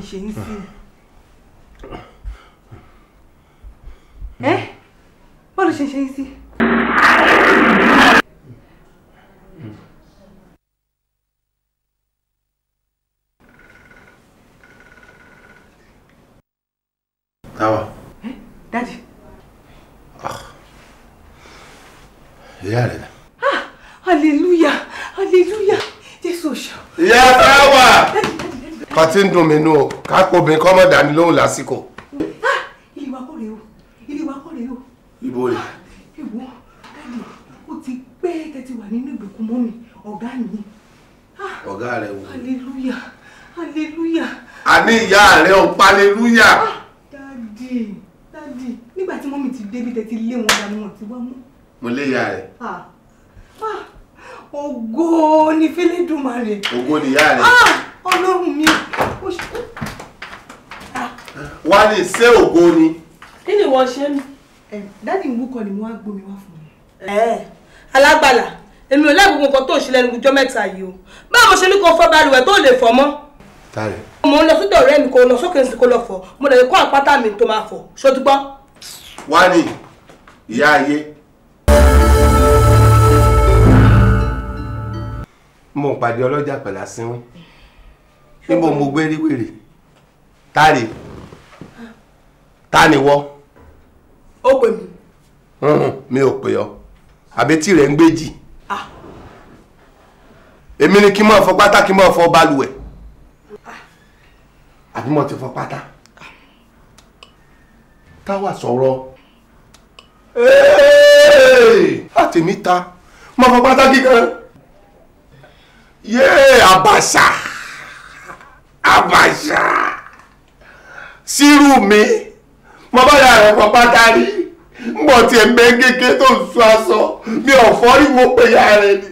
Hmm. Eh? ṣe ṣe ń sí. ẹ bọ́ọ̀lù ṣe ṣe ń sí. tí ń dùn mí nú o kápò obìnrin kọ́ mọ̀ dání lóhùn lásìkò. Ah, ilé wa ìwọ dáàdì ó ti pẹ́ kẹ́tì wà nínú ìgbèkùn mọ́ mi ọ̀gá mi. Ah, ọ̀gá rẹ̀ wò. hallelujah hallelujah. àní ìyá rẹ̀ ò hallelujah. lẹ́nu ìjọ mẹ́ta yìí o báwo ṣe ní kó fọ balùwẹ̀ tó lè fọ mọ́. táyà. mo ń lọ sódò ọ̀rẹ́ mi kó lọ sókè sí kó lọ fọ mo lè kó àpáta mi tó máa fọ ṣótúgbọ́. wá ní ìyá ayé. mo pàdé ọlọ́jà pẹ̀lá sínú níbo mo gbé rí wèrè táre ta ni wọ́. ó pè mí. mi ò pè ọ́ àbí tí rẹ̀ ń gbé jì èmi ni kí n máa fọ pátá kí n máa fọ balùwẹ̀ àbí mo ti fọ pátá táwa sọ̀rọ̀ àtẹ̀mí ta máa fọ pátá kíkan yéé àbàṣà àbàṣà sírù mi mo bá yàrá fọ pátá rí mo tiẹ̀ mẹ́gẹ́gẹ́ tó ń sọ aṣọ mi ò fọ́ rí mo pè yàrá rẹ ni.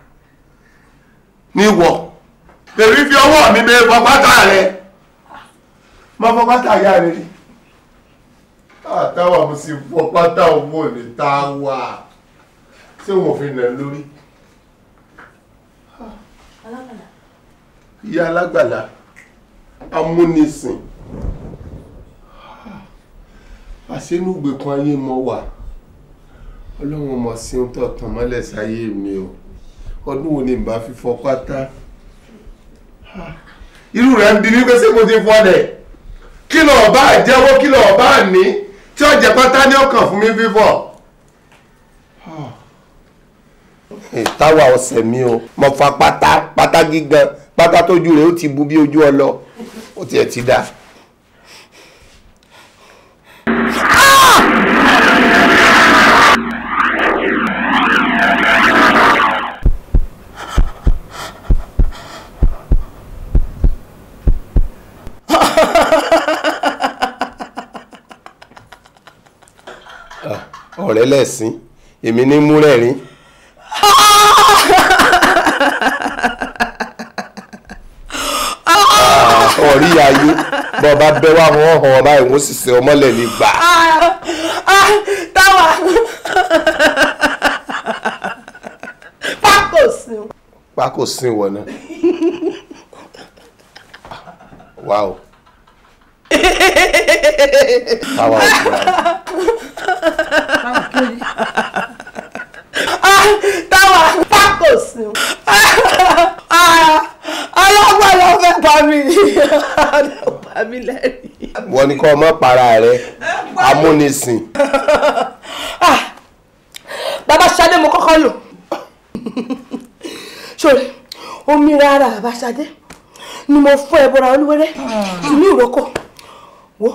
ní wọ̀ èmi fi ọwọ́ mi bẹ fọpátá rẹ mọ fọpátá ìyá rẹ ni. àtàwọn mo sì fọpátá owó ní tá a wà tí wọn fi nà lórí. ìyá alágbàlá amúnisìn àṣẹnúgbèkùn ayé mọ wà ọlọ́run mọ̀ sí ń tọ̀tàn mọ́lẹ̀ sáyé mi o ọdún wo ni n bá fi fọ pátá irú rẹ̀ ń bi mí pé ṣé mo ti fọ́ dẹ̀ kí lọ́ọ́ bá jẹ́wọ́ kí lọ́ọ́ bá ní tí ọ̀jẹ̀ pátá ní ọkàn fún mi fífọ̀. táwa ọ̀sẹ̀ mi o mo fa pátá pátá gígan pátá tójú rẹ̀ ó ti bu bí ojú ọ lọ ó tiẹ̀ ti dáa. rẹ lẹ́sìn èmi ní múrẹ̀rín. Ah, ọ̀rí ayé bọ́ bá bẹ́ wá hàn hàn ọba ìwọ̀n ṣiṣẹ́ ọmọlẹ̀ ní gbà. táwa pákó sin. pákó sin wọ̀ náà. wá o. táwa ò gbà táwa pákó sí i alágbàlá fẹ́ pa mí pa mí lẹ́rìí. wọ́n ní kó o mọ́ para rẹ amúnisìn. Ah, bàbá Ṣadé mo kọ́kọ́ lò sórí omi rárá bàbá Ṣadé ni mo fún ẹ bọ́ra olúwẹ́rẹ́ tìlú ah. ìrókò wo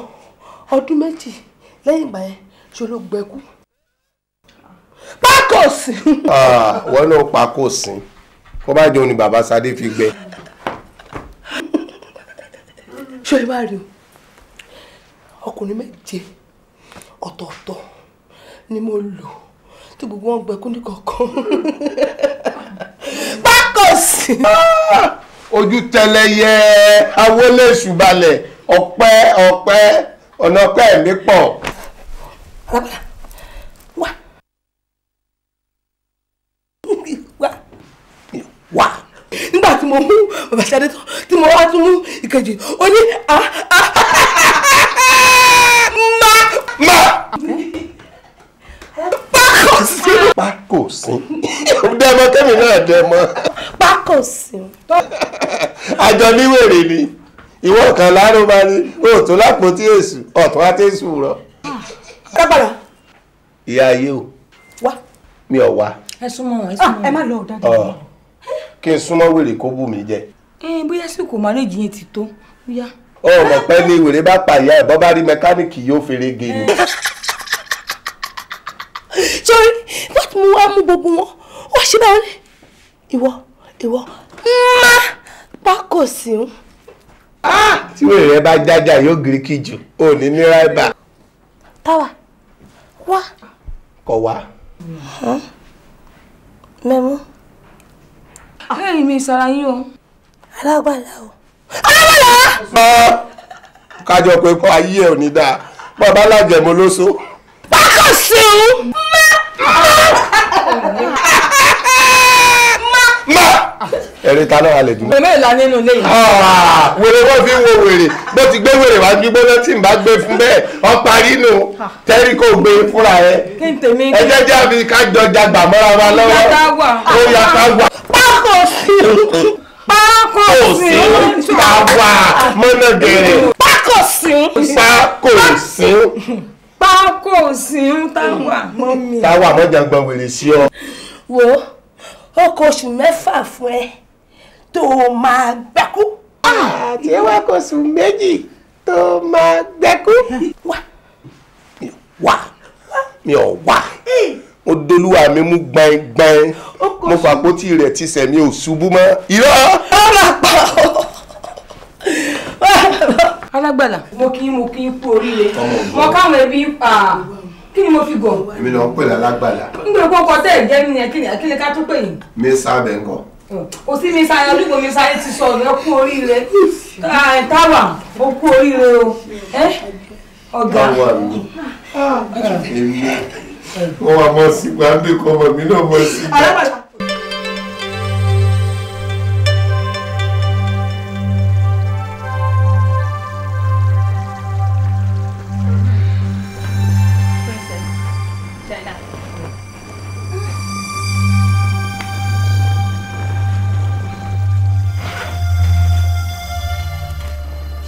ọdún méjì lẹ́yìn ìgbà yẹn ṣe ló gbẹ́kú pákòsì. Ah, wọn náà pákòsì kó bá jẹun ni bàbá sadé fi gbẹ. ṣé ẹ bá rí o ọkùnrin méje ọ̀tọ̀ọ̀tọ̀ ni mo lò tí gbogbo wọn gbẹkú ní kankan pákòsì. ojú tẹlẹyẹ awolé ṣùgbọ́n ọpẹ́ ọpẹ́ ọ̀nà ọpẹ́ mi pọ̀. alábàlá tí mo mú bàbá tán tí mo wá tún mú ìkejì ó ní ah, ah, ah, ma ma. Pákòsí. Pákòsí. Dẹ́mọ kẹ́mi náà dẹ́mọ. Pákòsí. Àjọ níwèrè ni ìwọ kan láàárọ̀ máa ní òòtú lápótí èṣù ọ̀tún á tẹ̀sù rọ. Kábàlà. Ìyá ayé o. Wá. Mi ò wá. Ẹ súnmọ́ wọn, ẹ súnmọ́ wọn. Ẹ má lọ ọ̀dà dàgbà kí n súnmọ́ wèrè kó bù mí jẹ. ẹ bóyá sí kò márèjì yẹn ti tó bóyá. ó mọ̀ pé ní wèrè bá pààyà ẹ̀ bọ́ bá rí mẹkáníìkì yóò fèrè gé ni. sori bàtí mo wá mú gbogbo wọn wá ṣe báwọn ni ìwọ ìwọ má pákó sí i. tí wèrè rẹ bá jájà yóò gírí kí jù ò ní ní ráìbà. táwa wá. kọ̀ wá. mẹ́mú. Mm -hmm bẹ́ẹ̀ ni mi sara yín o. alágbàlá o. alágbàlá. pa kájọ pé kọ́ ayé ẹ̀ ò ní dáa bàbá alájẹmọ ló so. bákan sí o. Ma, ẹ̀rí ta náà lè dùn. wèrè la nínú ilé yìí. Ah, wèrè wọ́n fi wo wèrè bó ti gbé wèrè wá gbígbó náà tí n bá gbé fún bẹ́ẹ̀ ọ parí nù ah. tẹ́rí kò gbé fúnra ẹ. kí n tèmi. ẹ jẹ́ jẹ́ àfi ká jọ jagbà mọ́ra wa lọ́wọ́. yàtá wà. ó yàtá wà. pákó sí pákó sí. ta wà mọ́nà gẹ̀rẹ̀. pákó sí. pákó sí. pákó sí táwà mọ́ mi. táwà mọ́ jàgbọ́n wèrè sí ọ. wo ó kọ oṣù mẹ́fà fún ẹ tó máa gbẹ́kú. àti ah, ẹ wá kọ oṣù méjì tó máa gbẹ́kú. wá mi wá mi ò wá mo dolúwa mi mú gbẹngbẹng mo fàpótí rẹ̀ ti sẹ̀mí ò ṣubú mọ́ irọ́. ọ̀rọ̀ pa ọ́ alágbàlà. mo kí mo kí kú oríire mo káwọn ẹbí pa. Ah, kí ni mo fi gọ̀. èmi náà pè lálágbàlà. n gbé kókó tẹ́ ẹ̀ jẹ́ nìyẹn kí ni àkílẹ̀ ká tó pè yín. mi sá bẹ̀ ń kọ. kò sí mi sáyé olúgbò mi sáyé ti sọ ọ̀rẹ́ kú oríire táwa ó kú oríire o ọ̀gá. táwa mi ah, èmi wọ́n wá mọ̀ sí gbàgbé kọ́ mi náà mọ̀ sí gbàgbé.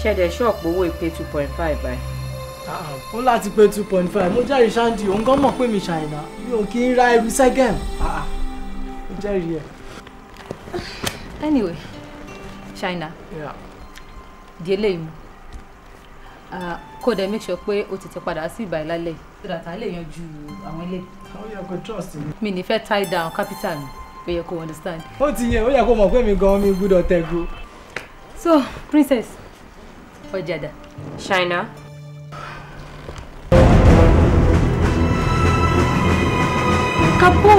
ṣẹ̀dẹ̀ ṣọ́ọ̀pù owó ìpè two point five báyìí. Ah, ó láti pé two point five mo jẹ́rìí ṣáǹdì òun gan mọ̀ pé mi ṣàìná mi ò kí ń ra irú sẹ́gẹ̀m ah, mo jẹ́rìí ẹ̀. anyway ṣàìná di eléyìí mu ah, kó dẹ̀ make sure pé o tètè padà sí ìbàyí lálẹ́ yìí. ṣé dàtà lè yanjú àwọn ilé. ó yẹ kó trust mi. mi ní fẹ́ tie down capital mi ó yẹ kó understand. ó ti yẹ ó yẹ kó mọ̀ pé mi gan-an mi gbúdọ̀ tẹ̀ so princess Ojada. China, Kapo!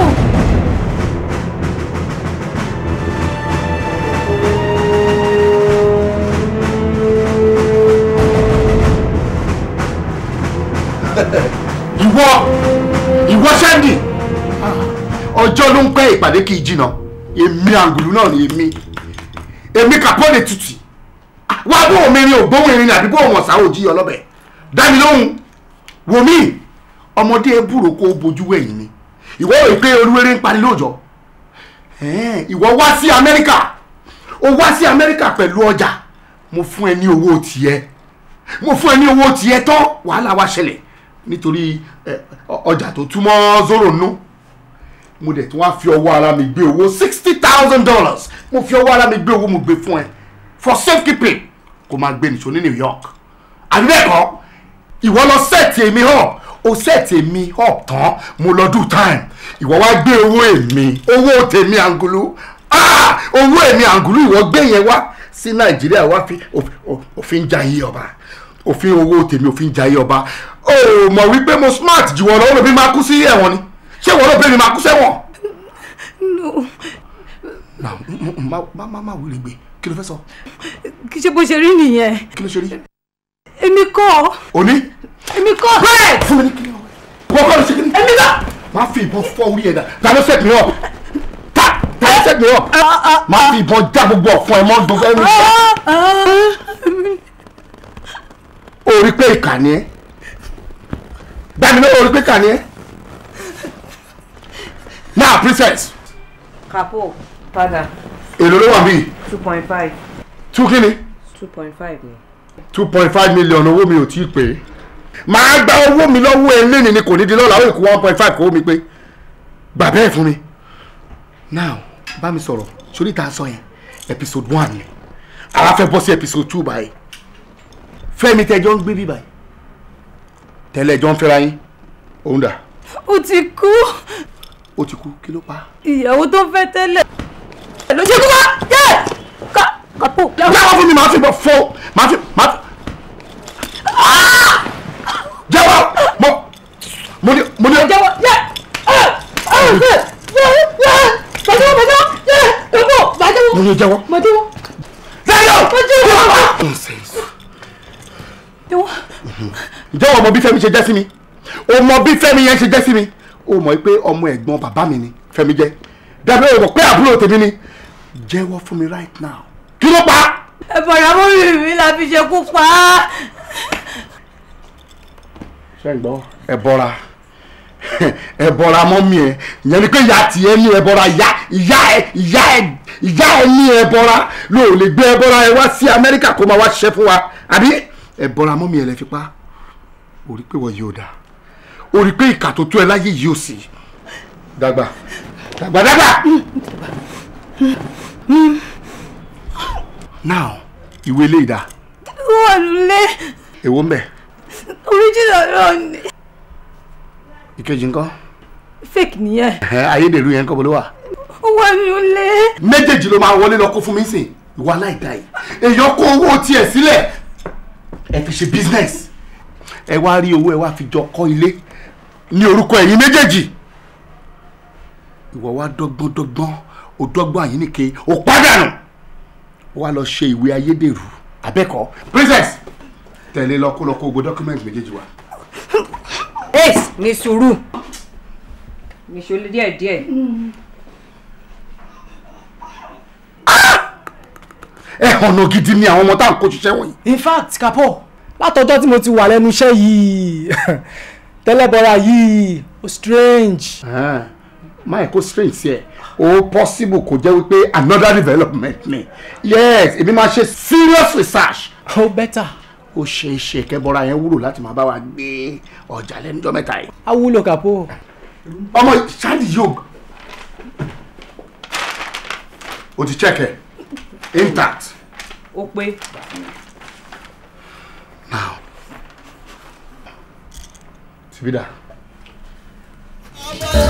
ìwọ ìwọ Ṣẹ́ndì ah, ọjọ́ ló ń pẹ́ ìpàdé kì í jìnnà èmi àǹgùlù náà ni èmi èmi kàpọ́ lè tutù wá bó omirin ògbóhùn irin àbí bó wọn sá òjì ọlọ́bẹ̀ dámi lóhùn wòmí ọmọdé burúkú bojú wẹ̀yìn ni ìwọ ò pé olúwerè ń parí lóòjọ́ ìwọ wá sí amẹ́ríkà ó wá sí amẹ́ríkà pẹ̀lú ọjà mo fún ẹ ní owó tiẹ̀ mo fún ẹ ní owó tiẹ̀ tán wàhálà wa ṣẹlẹ̀ nítorí ọjà tó túmọ̀ zoro nù mo dẹ̀ tí wọ́n á fi ọwọ́ ara mi gbé owó sixty thousand dollars mo fi ọwọ́ ara mi gbé owó mo gbé fún ẹ for safe keeping kó máa gbé nìṣó ní New York àbí bẹ́ẹ̀ kọ́ ìwọ lọ sẹ́ẹ̀tì èmi hàn o sẹ́ẹ̀tì èmi hàn tán mo lọ do time ìwọ wá gbé owó èmi owó tèmi àǹgùlù ah! owó èmi àǹgùlù ìwọ gbé yẹn wá sí Nàìjíríà wá fi òfin jayé ọba òfin owó tèmi òfin jayé ọba o mọ̀ wípé mo smart jù wọ́n lọ ó lè fi máa kú sí ẹ̀wọ̀n ni ṣé wọ́n ló bẹ́ẹ̀ mi máa kú sẹ́wọ̀n. no. na ma, má má wúlò gbé kí ló fẹ́ sọ. kì í ṣe bó ṣe rí nìyẹn. kí ló ṣe rí. èmi kọ́. òní. èmi kọ́. bẹ́ẹ̀ fún mi ní kí ni wọ́n kọ́ ló ṣe kí ni. èmi kọ́. máa fi ìbọn fọ́ orí ẹ̀ ta ló fẹ́ mi ọ̀ ta ta ló fẹ́ mi ọ̀ máa fi ìbọn já gbogbo ọ̀fun ẹ̀ mọ́ gbogbo ẹ̀ ah, ah, ah. mi orí pé ìkànnì ẹ gbani náà orí pé ìkànnì ẹ now princess. kapo padà. èlò ló wà bíi. 2.5. two kí 2.5 two point ni. two million owó mi ò tí ì pé màá gba owó mi lọ́wọ́ eléyìí ni kò ní di lọ́la ó kù one point five mi pé gbà bẹ́ẹ̀ fún mi. now bá mi sọ̀rọ̀ sórí ìta sọ yẹn episode one ni ara fẹ́ bọ́ sí episode two báyìí fẹ́mi tẹ́jọ́ ń gbé bí báyìí tẹ́lẹ̀ ẹjọ́ ń fẹ́ra yín òun dà. ó ti kú. ó ti kú kí ló pa. ìyàwó tó ń fẹ́ tẹ́lẹ̀ ló ṣe kú wá. Kapo. Jáwọ́ fún mi, màá fi bọ̀ fọ́. Màá fi màá fi. Jẹ́wọ́ mo mo ní mo ní. Jẹ́wọ́ yẹ yẹ yẹ bàjẹ́wọ́ bàjẹ́wọ́ yẹ kókó bàjẹ́wọ́. Mo ní jẹ́wọ́. Mo jẹ́wọ́. Jẹ́wọ́. Mo jẹ́wọ́. Jẹ́wọ́. Jẹ́wọ́ mo mhm. bí Fẹ́mi ṣe jẹ́ sí mi. O mọ bí Fẹ́mi yẹn ṣe jẹ́ sí mi. O mọ̀ pé ọmọ ẹ̀gbọ́n bàbá mi ni Fẹ́mi jẹ́. Dàbí o rò pé àbúrò tèmi ni. Jẹ́wọ́ fún mi right now kí ló pa. ẹ̀bọ̀dà mọ́mí mi la fi ṣe kú pa á. ṣé ń gbọ́ ẹ̀bọ̀ra ẹ̀bọ̀ra mọ́mí ẹ̀ ìyẹn ni pé ìyá tiẹ̀ ní ẹ̀bọ̀ra ìyá ìyá ẹ̀ ìyá ẹ̀ ìyá ẹ̀ ní ẹ̀bọ̀ra ló lè gbé ẹ̀bọ̀ra ẹ̀ wá sí Amẹ́ríkà kó máa wá ṣiṣẹ́ fún wa àbí ẹ̀bọ̀ra mọ́mí ẹ̀ lẹ́ fi pa ó rí pé wọ́n yóò dáa ó rí pé ìkà tó tó ẹ láyé yìí ò sí dàgbà dàgbà dàgbà now ìwé ilé ìdá. wà lulẹ̀. èwo ń bẹ. original náà ni. ìkejì ńkọ́. fake nìyẹn. ayédèrú yẹn ń kọ́ bolo wa. wà lulẹ̀. méjèèjì ló máa wọlé lọ kó fún mi sìn ìwà aláìda yìí èèyàn kó owó tiẹ̀ sílẹ̀ ẹ fi ṣe business ẹ wá rí owó ẹ wá fi jọ kọ́ ilé ní orúkọ ẹ̀yin méjèèjì ìwọ wá dọ́gbọ́n dọ́gbọ́n ò dọ́gbọ́n àyíníke ò pàdánù ó wá lọ ṣe ìwé ayédèrú abẹ́kọ̀ princess tẹ̀lé lọ kó lọ kó document méjèèjì wa. ace ní sùúrù nìṣó díẹ̀ díẹ̀. Ah! ẹ ọ̀nà gidi ni àwọn ọmọ tá à ń kó ṣiṣẹ́ wọ̀nyí. in fact kapo látọjọ́ tí mo ti wà lẹ́nu iṣẹ́ yìí tẹ́lẹ̀bọra yìí ó strange. Ah, máa kó strange sí ẹ ó possible kò jẹ́ wípé another development ni yes èmi máa ṣe serious research. ó better. ó ṣe é ṣe kẹ́bọ́ra yẹn wúlò láti máa bá wa gbé ọjà lẹ́nujọ́ mẹ́ta yìí. a wúlò kàpó. ọmọ ṣáàdì yóò o ti check ẹ intact. ó pé. now tibida. Oh,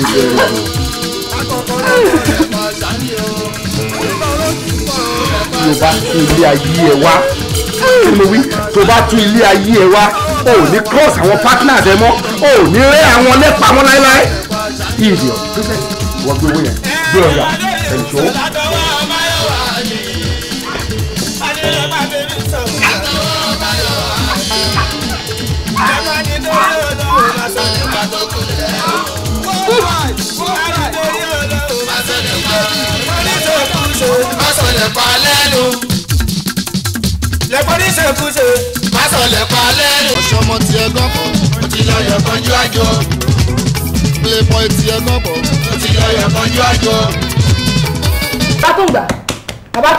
jẹ o. tó bá tún ilé ayé ẹ wá olùwí tó bá tún ilé ayé ẹ wá o ò ní cross àwọn partners ẹ mọ́ o ò ní rẹ́ àwọn lẹ́pàá wọn láéláé. ìdí ọ̀ pípẹ́ wọ́n gbé owó yẹn gbé ọ̀gá ẹ̀ṣọ́. má sọ lẹ̀ pa lẹ́nu. lẹ́kọ̀ọ́ ní ṣèkúṣe. má sọ lẹ̀ pa lẹ́nu. ọ̀ṣọ́ ọmọ ti ẹ gọ́pọ̀ ó ti lọ yọ̀ kanjú àjọ. playboy ti ẹ gọ́pọ̀ ó ti lọ yọ̀ kanjú àjọ. bàbá tó ń gbà bàbá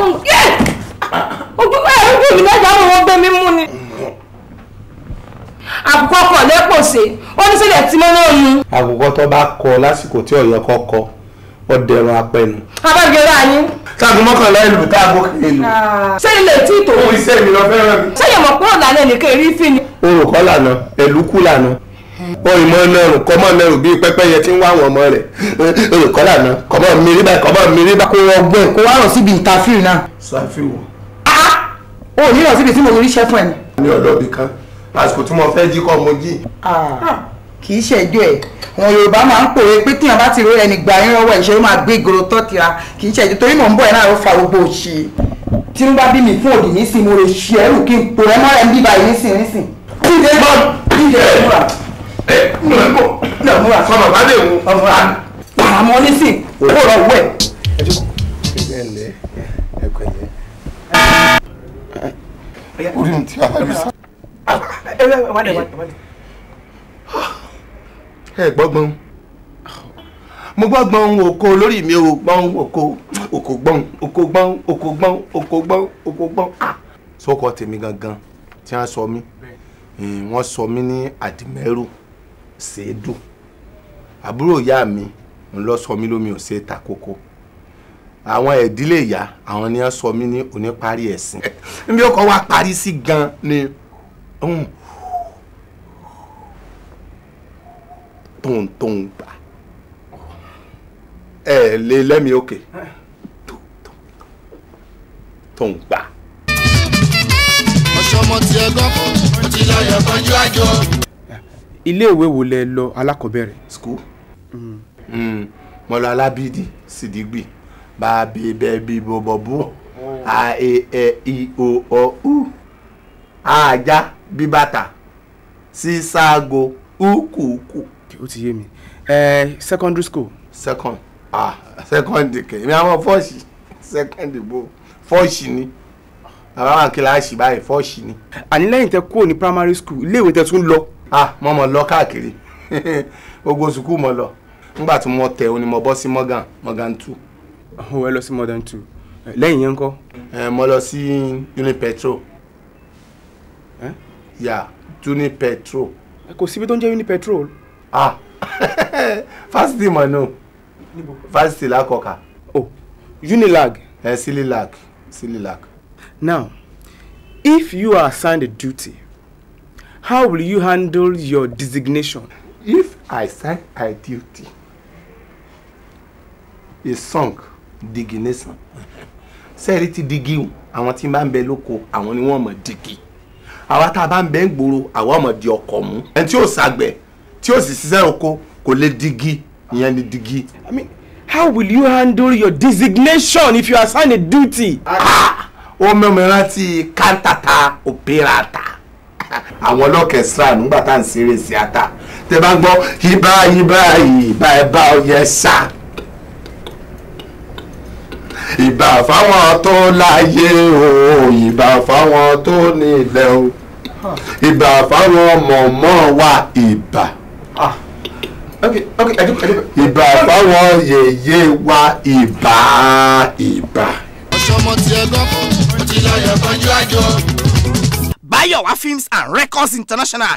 tó bá kọ lásìkò tí ọ̀yọ́ kọ́ kọ ọ̀dẹ̀rùn apẹnu. abájọ́ra yín táàgù mọ́kànlá ìlú táàgù kìí ìlú. Ah. ṣé ilé tí tòun. iṣẹ́ mi lọ fẹ́ràn mi. ṣé yẹ̀mọ̀ kúrò lànà ẹnìkan èrí fi ni. oòrùn kọ́ lànà ẹ̀lú kú lànà oyin mọ nẹrù kọmọ nẹrù bíi pẹ́pẹ́yẹ tí ń wá àwọn ọmọ rẹ olùkọ lànà kọmọ mi rí báyìí kọmọ mi rí báyìí. kò ọgbẹ́ kò wá rọ̀ síbi ìtafíì náà. ṣàfihàn. Ah! o ò ní rọ̀ síbi tí mo rí iṣẹ́ fún ẹ. ní ọ̀dọ́ bìkan àsìkò tí mo fẹ́ jí kọ́ mo jí. Ah kì í ṣẹjọ́ ẹ̀ àwọn Yorùbá máa ń pòwe pé tíyan bá ti rí ẹni gbà yín rọwọ́ ìṣeré máa gbé ìgòrò tọ́tira kì í ṣẹjọ́ torí mò ń bọ̀ ẹ̀ náà ló fa gbogbo òṣì tinubu bí mi fún òdì nísìn mo lè ṣe ẹrù kí n pò ẹ mọ́ra ẹ̀ ń bíbá yìí nísìn nísìn. díje bọ́ọ̀lù díje ẹ̀ múra. ẹ múra bọ̀ náà múra sọ bàbá lè wo. ọmọra àmọ́ nísìn owó rọ wẹ̀. ẹ ǹlẹ́ ẹ pẹ̀lẹ́. orí mi ẹ ẹ gbọ́gbọ́n mo gbọ́gbọ́n oko lórí mi o gbọ́n oko oko gbọ́n oko gbọ́n oko gbọ́n oko gbọ́n oko gbọ́n ah! sókò tèmi gangan tí wọ́n sọ mí wọ́n sọ mí ní àdìmẹ́rù ṣèédú àbúrò ìyá mi ń lọ sọ mí lómi ò ṣe ta kókó àwọn ìdílé ìyá àwọn ni wọ́n sọ mí ní oníparí ẹ̀sìn bí ó kọ́ wá parí sí gan ni. Hmm. tóńtóń gbà ẹ lè lẹ́mi òkè tó ọ̀ṣọ́mọ ti ẹgbọ́n kan ti lọ yẹ àjọ. ilé ìwé wo lẹ lọ alákọ̀ọ́bẹ̀rẹ̀. school mo mm. mm. lọ alábídì sídìgbì bá a bí bẹ́ẹ̀ bí bọ́bọ́ bú a e ẹ e, i o ọ u ajá bíbàtà síságo úkùkù. Si ó ti yé mi ẹ secondary school. second ah second kẹ èmi àwọn first. second bo fọ́ọ̀ṣì ni bàbá wa kíláàsì báyìí fọ́ọ̀ṣì ni. àní lẹ́yìn tẹ kúrò ní primary school iléèwé tẹ tún lọ. ah mo mọ̀ lọ káàkiri gbogbo sùkúù mo lọ nígbà tí mo tẹ̀ òní mo bọ́ sí Morgan Morgan two. ó ẹ lọ sí Morgan two lẹ́yìn yẹn kọ́. ẹ mo lọ sí Unipetrol yà Unipetrol. kò síbi tó ń jẹ́ Unipetrol ah fásitì mọ̀ nù fásitì lákọ̀ọ́kà. oh unilag. ẹ sililag sililag. now if you are assigned a duty how will you handle your designation. if i sign a duty a song digi nation sẹ́ẹ̀rí ti digi àwọn tí n bá ń bẹ lóko àwọn ni wọ́n mọ̀ digi àwa tá a bá ń bẹ ń gbòòrò àwa mọ̀ di ọkọ̀ mú ẹni tí yóò ṣàgbẹ̀ tí ó sì ṣiṣẹ́ oko kò lè digi ìyẹn ni digi. I mean, how will you handle your designation if you assign a duty. Ah! ó mẹ́mi rántí kántata òpérata àwọn ọlọ́kẹ̀sìrà nígbà tá à ń ṣeré sí ata tẹ bá ń gbọ́ ibà ibà ibà ọyẹ ṣá ìbà fáwọn tó láyé o ìbà fáwọn tó nílẹ̀ o ìbà fáwọn mọ̀mọ́ wa ìbà. Ah. okay okay ẹdun ẹdun. ìbà fáwọn yèyé wa ìbà ìbà. ọ̀ṣọ́mọ ti ẹgbọ́n kan ti Bayowa Films and Records International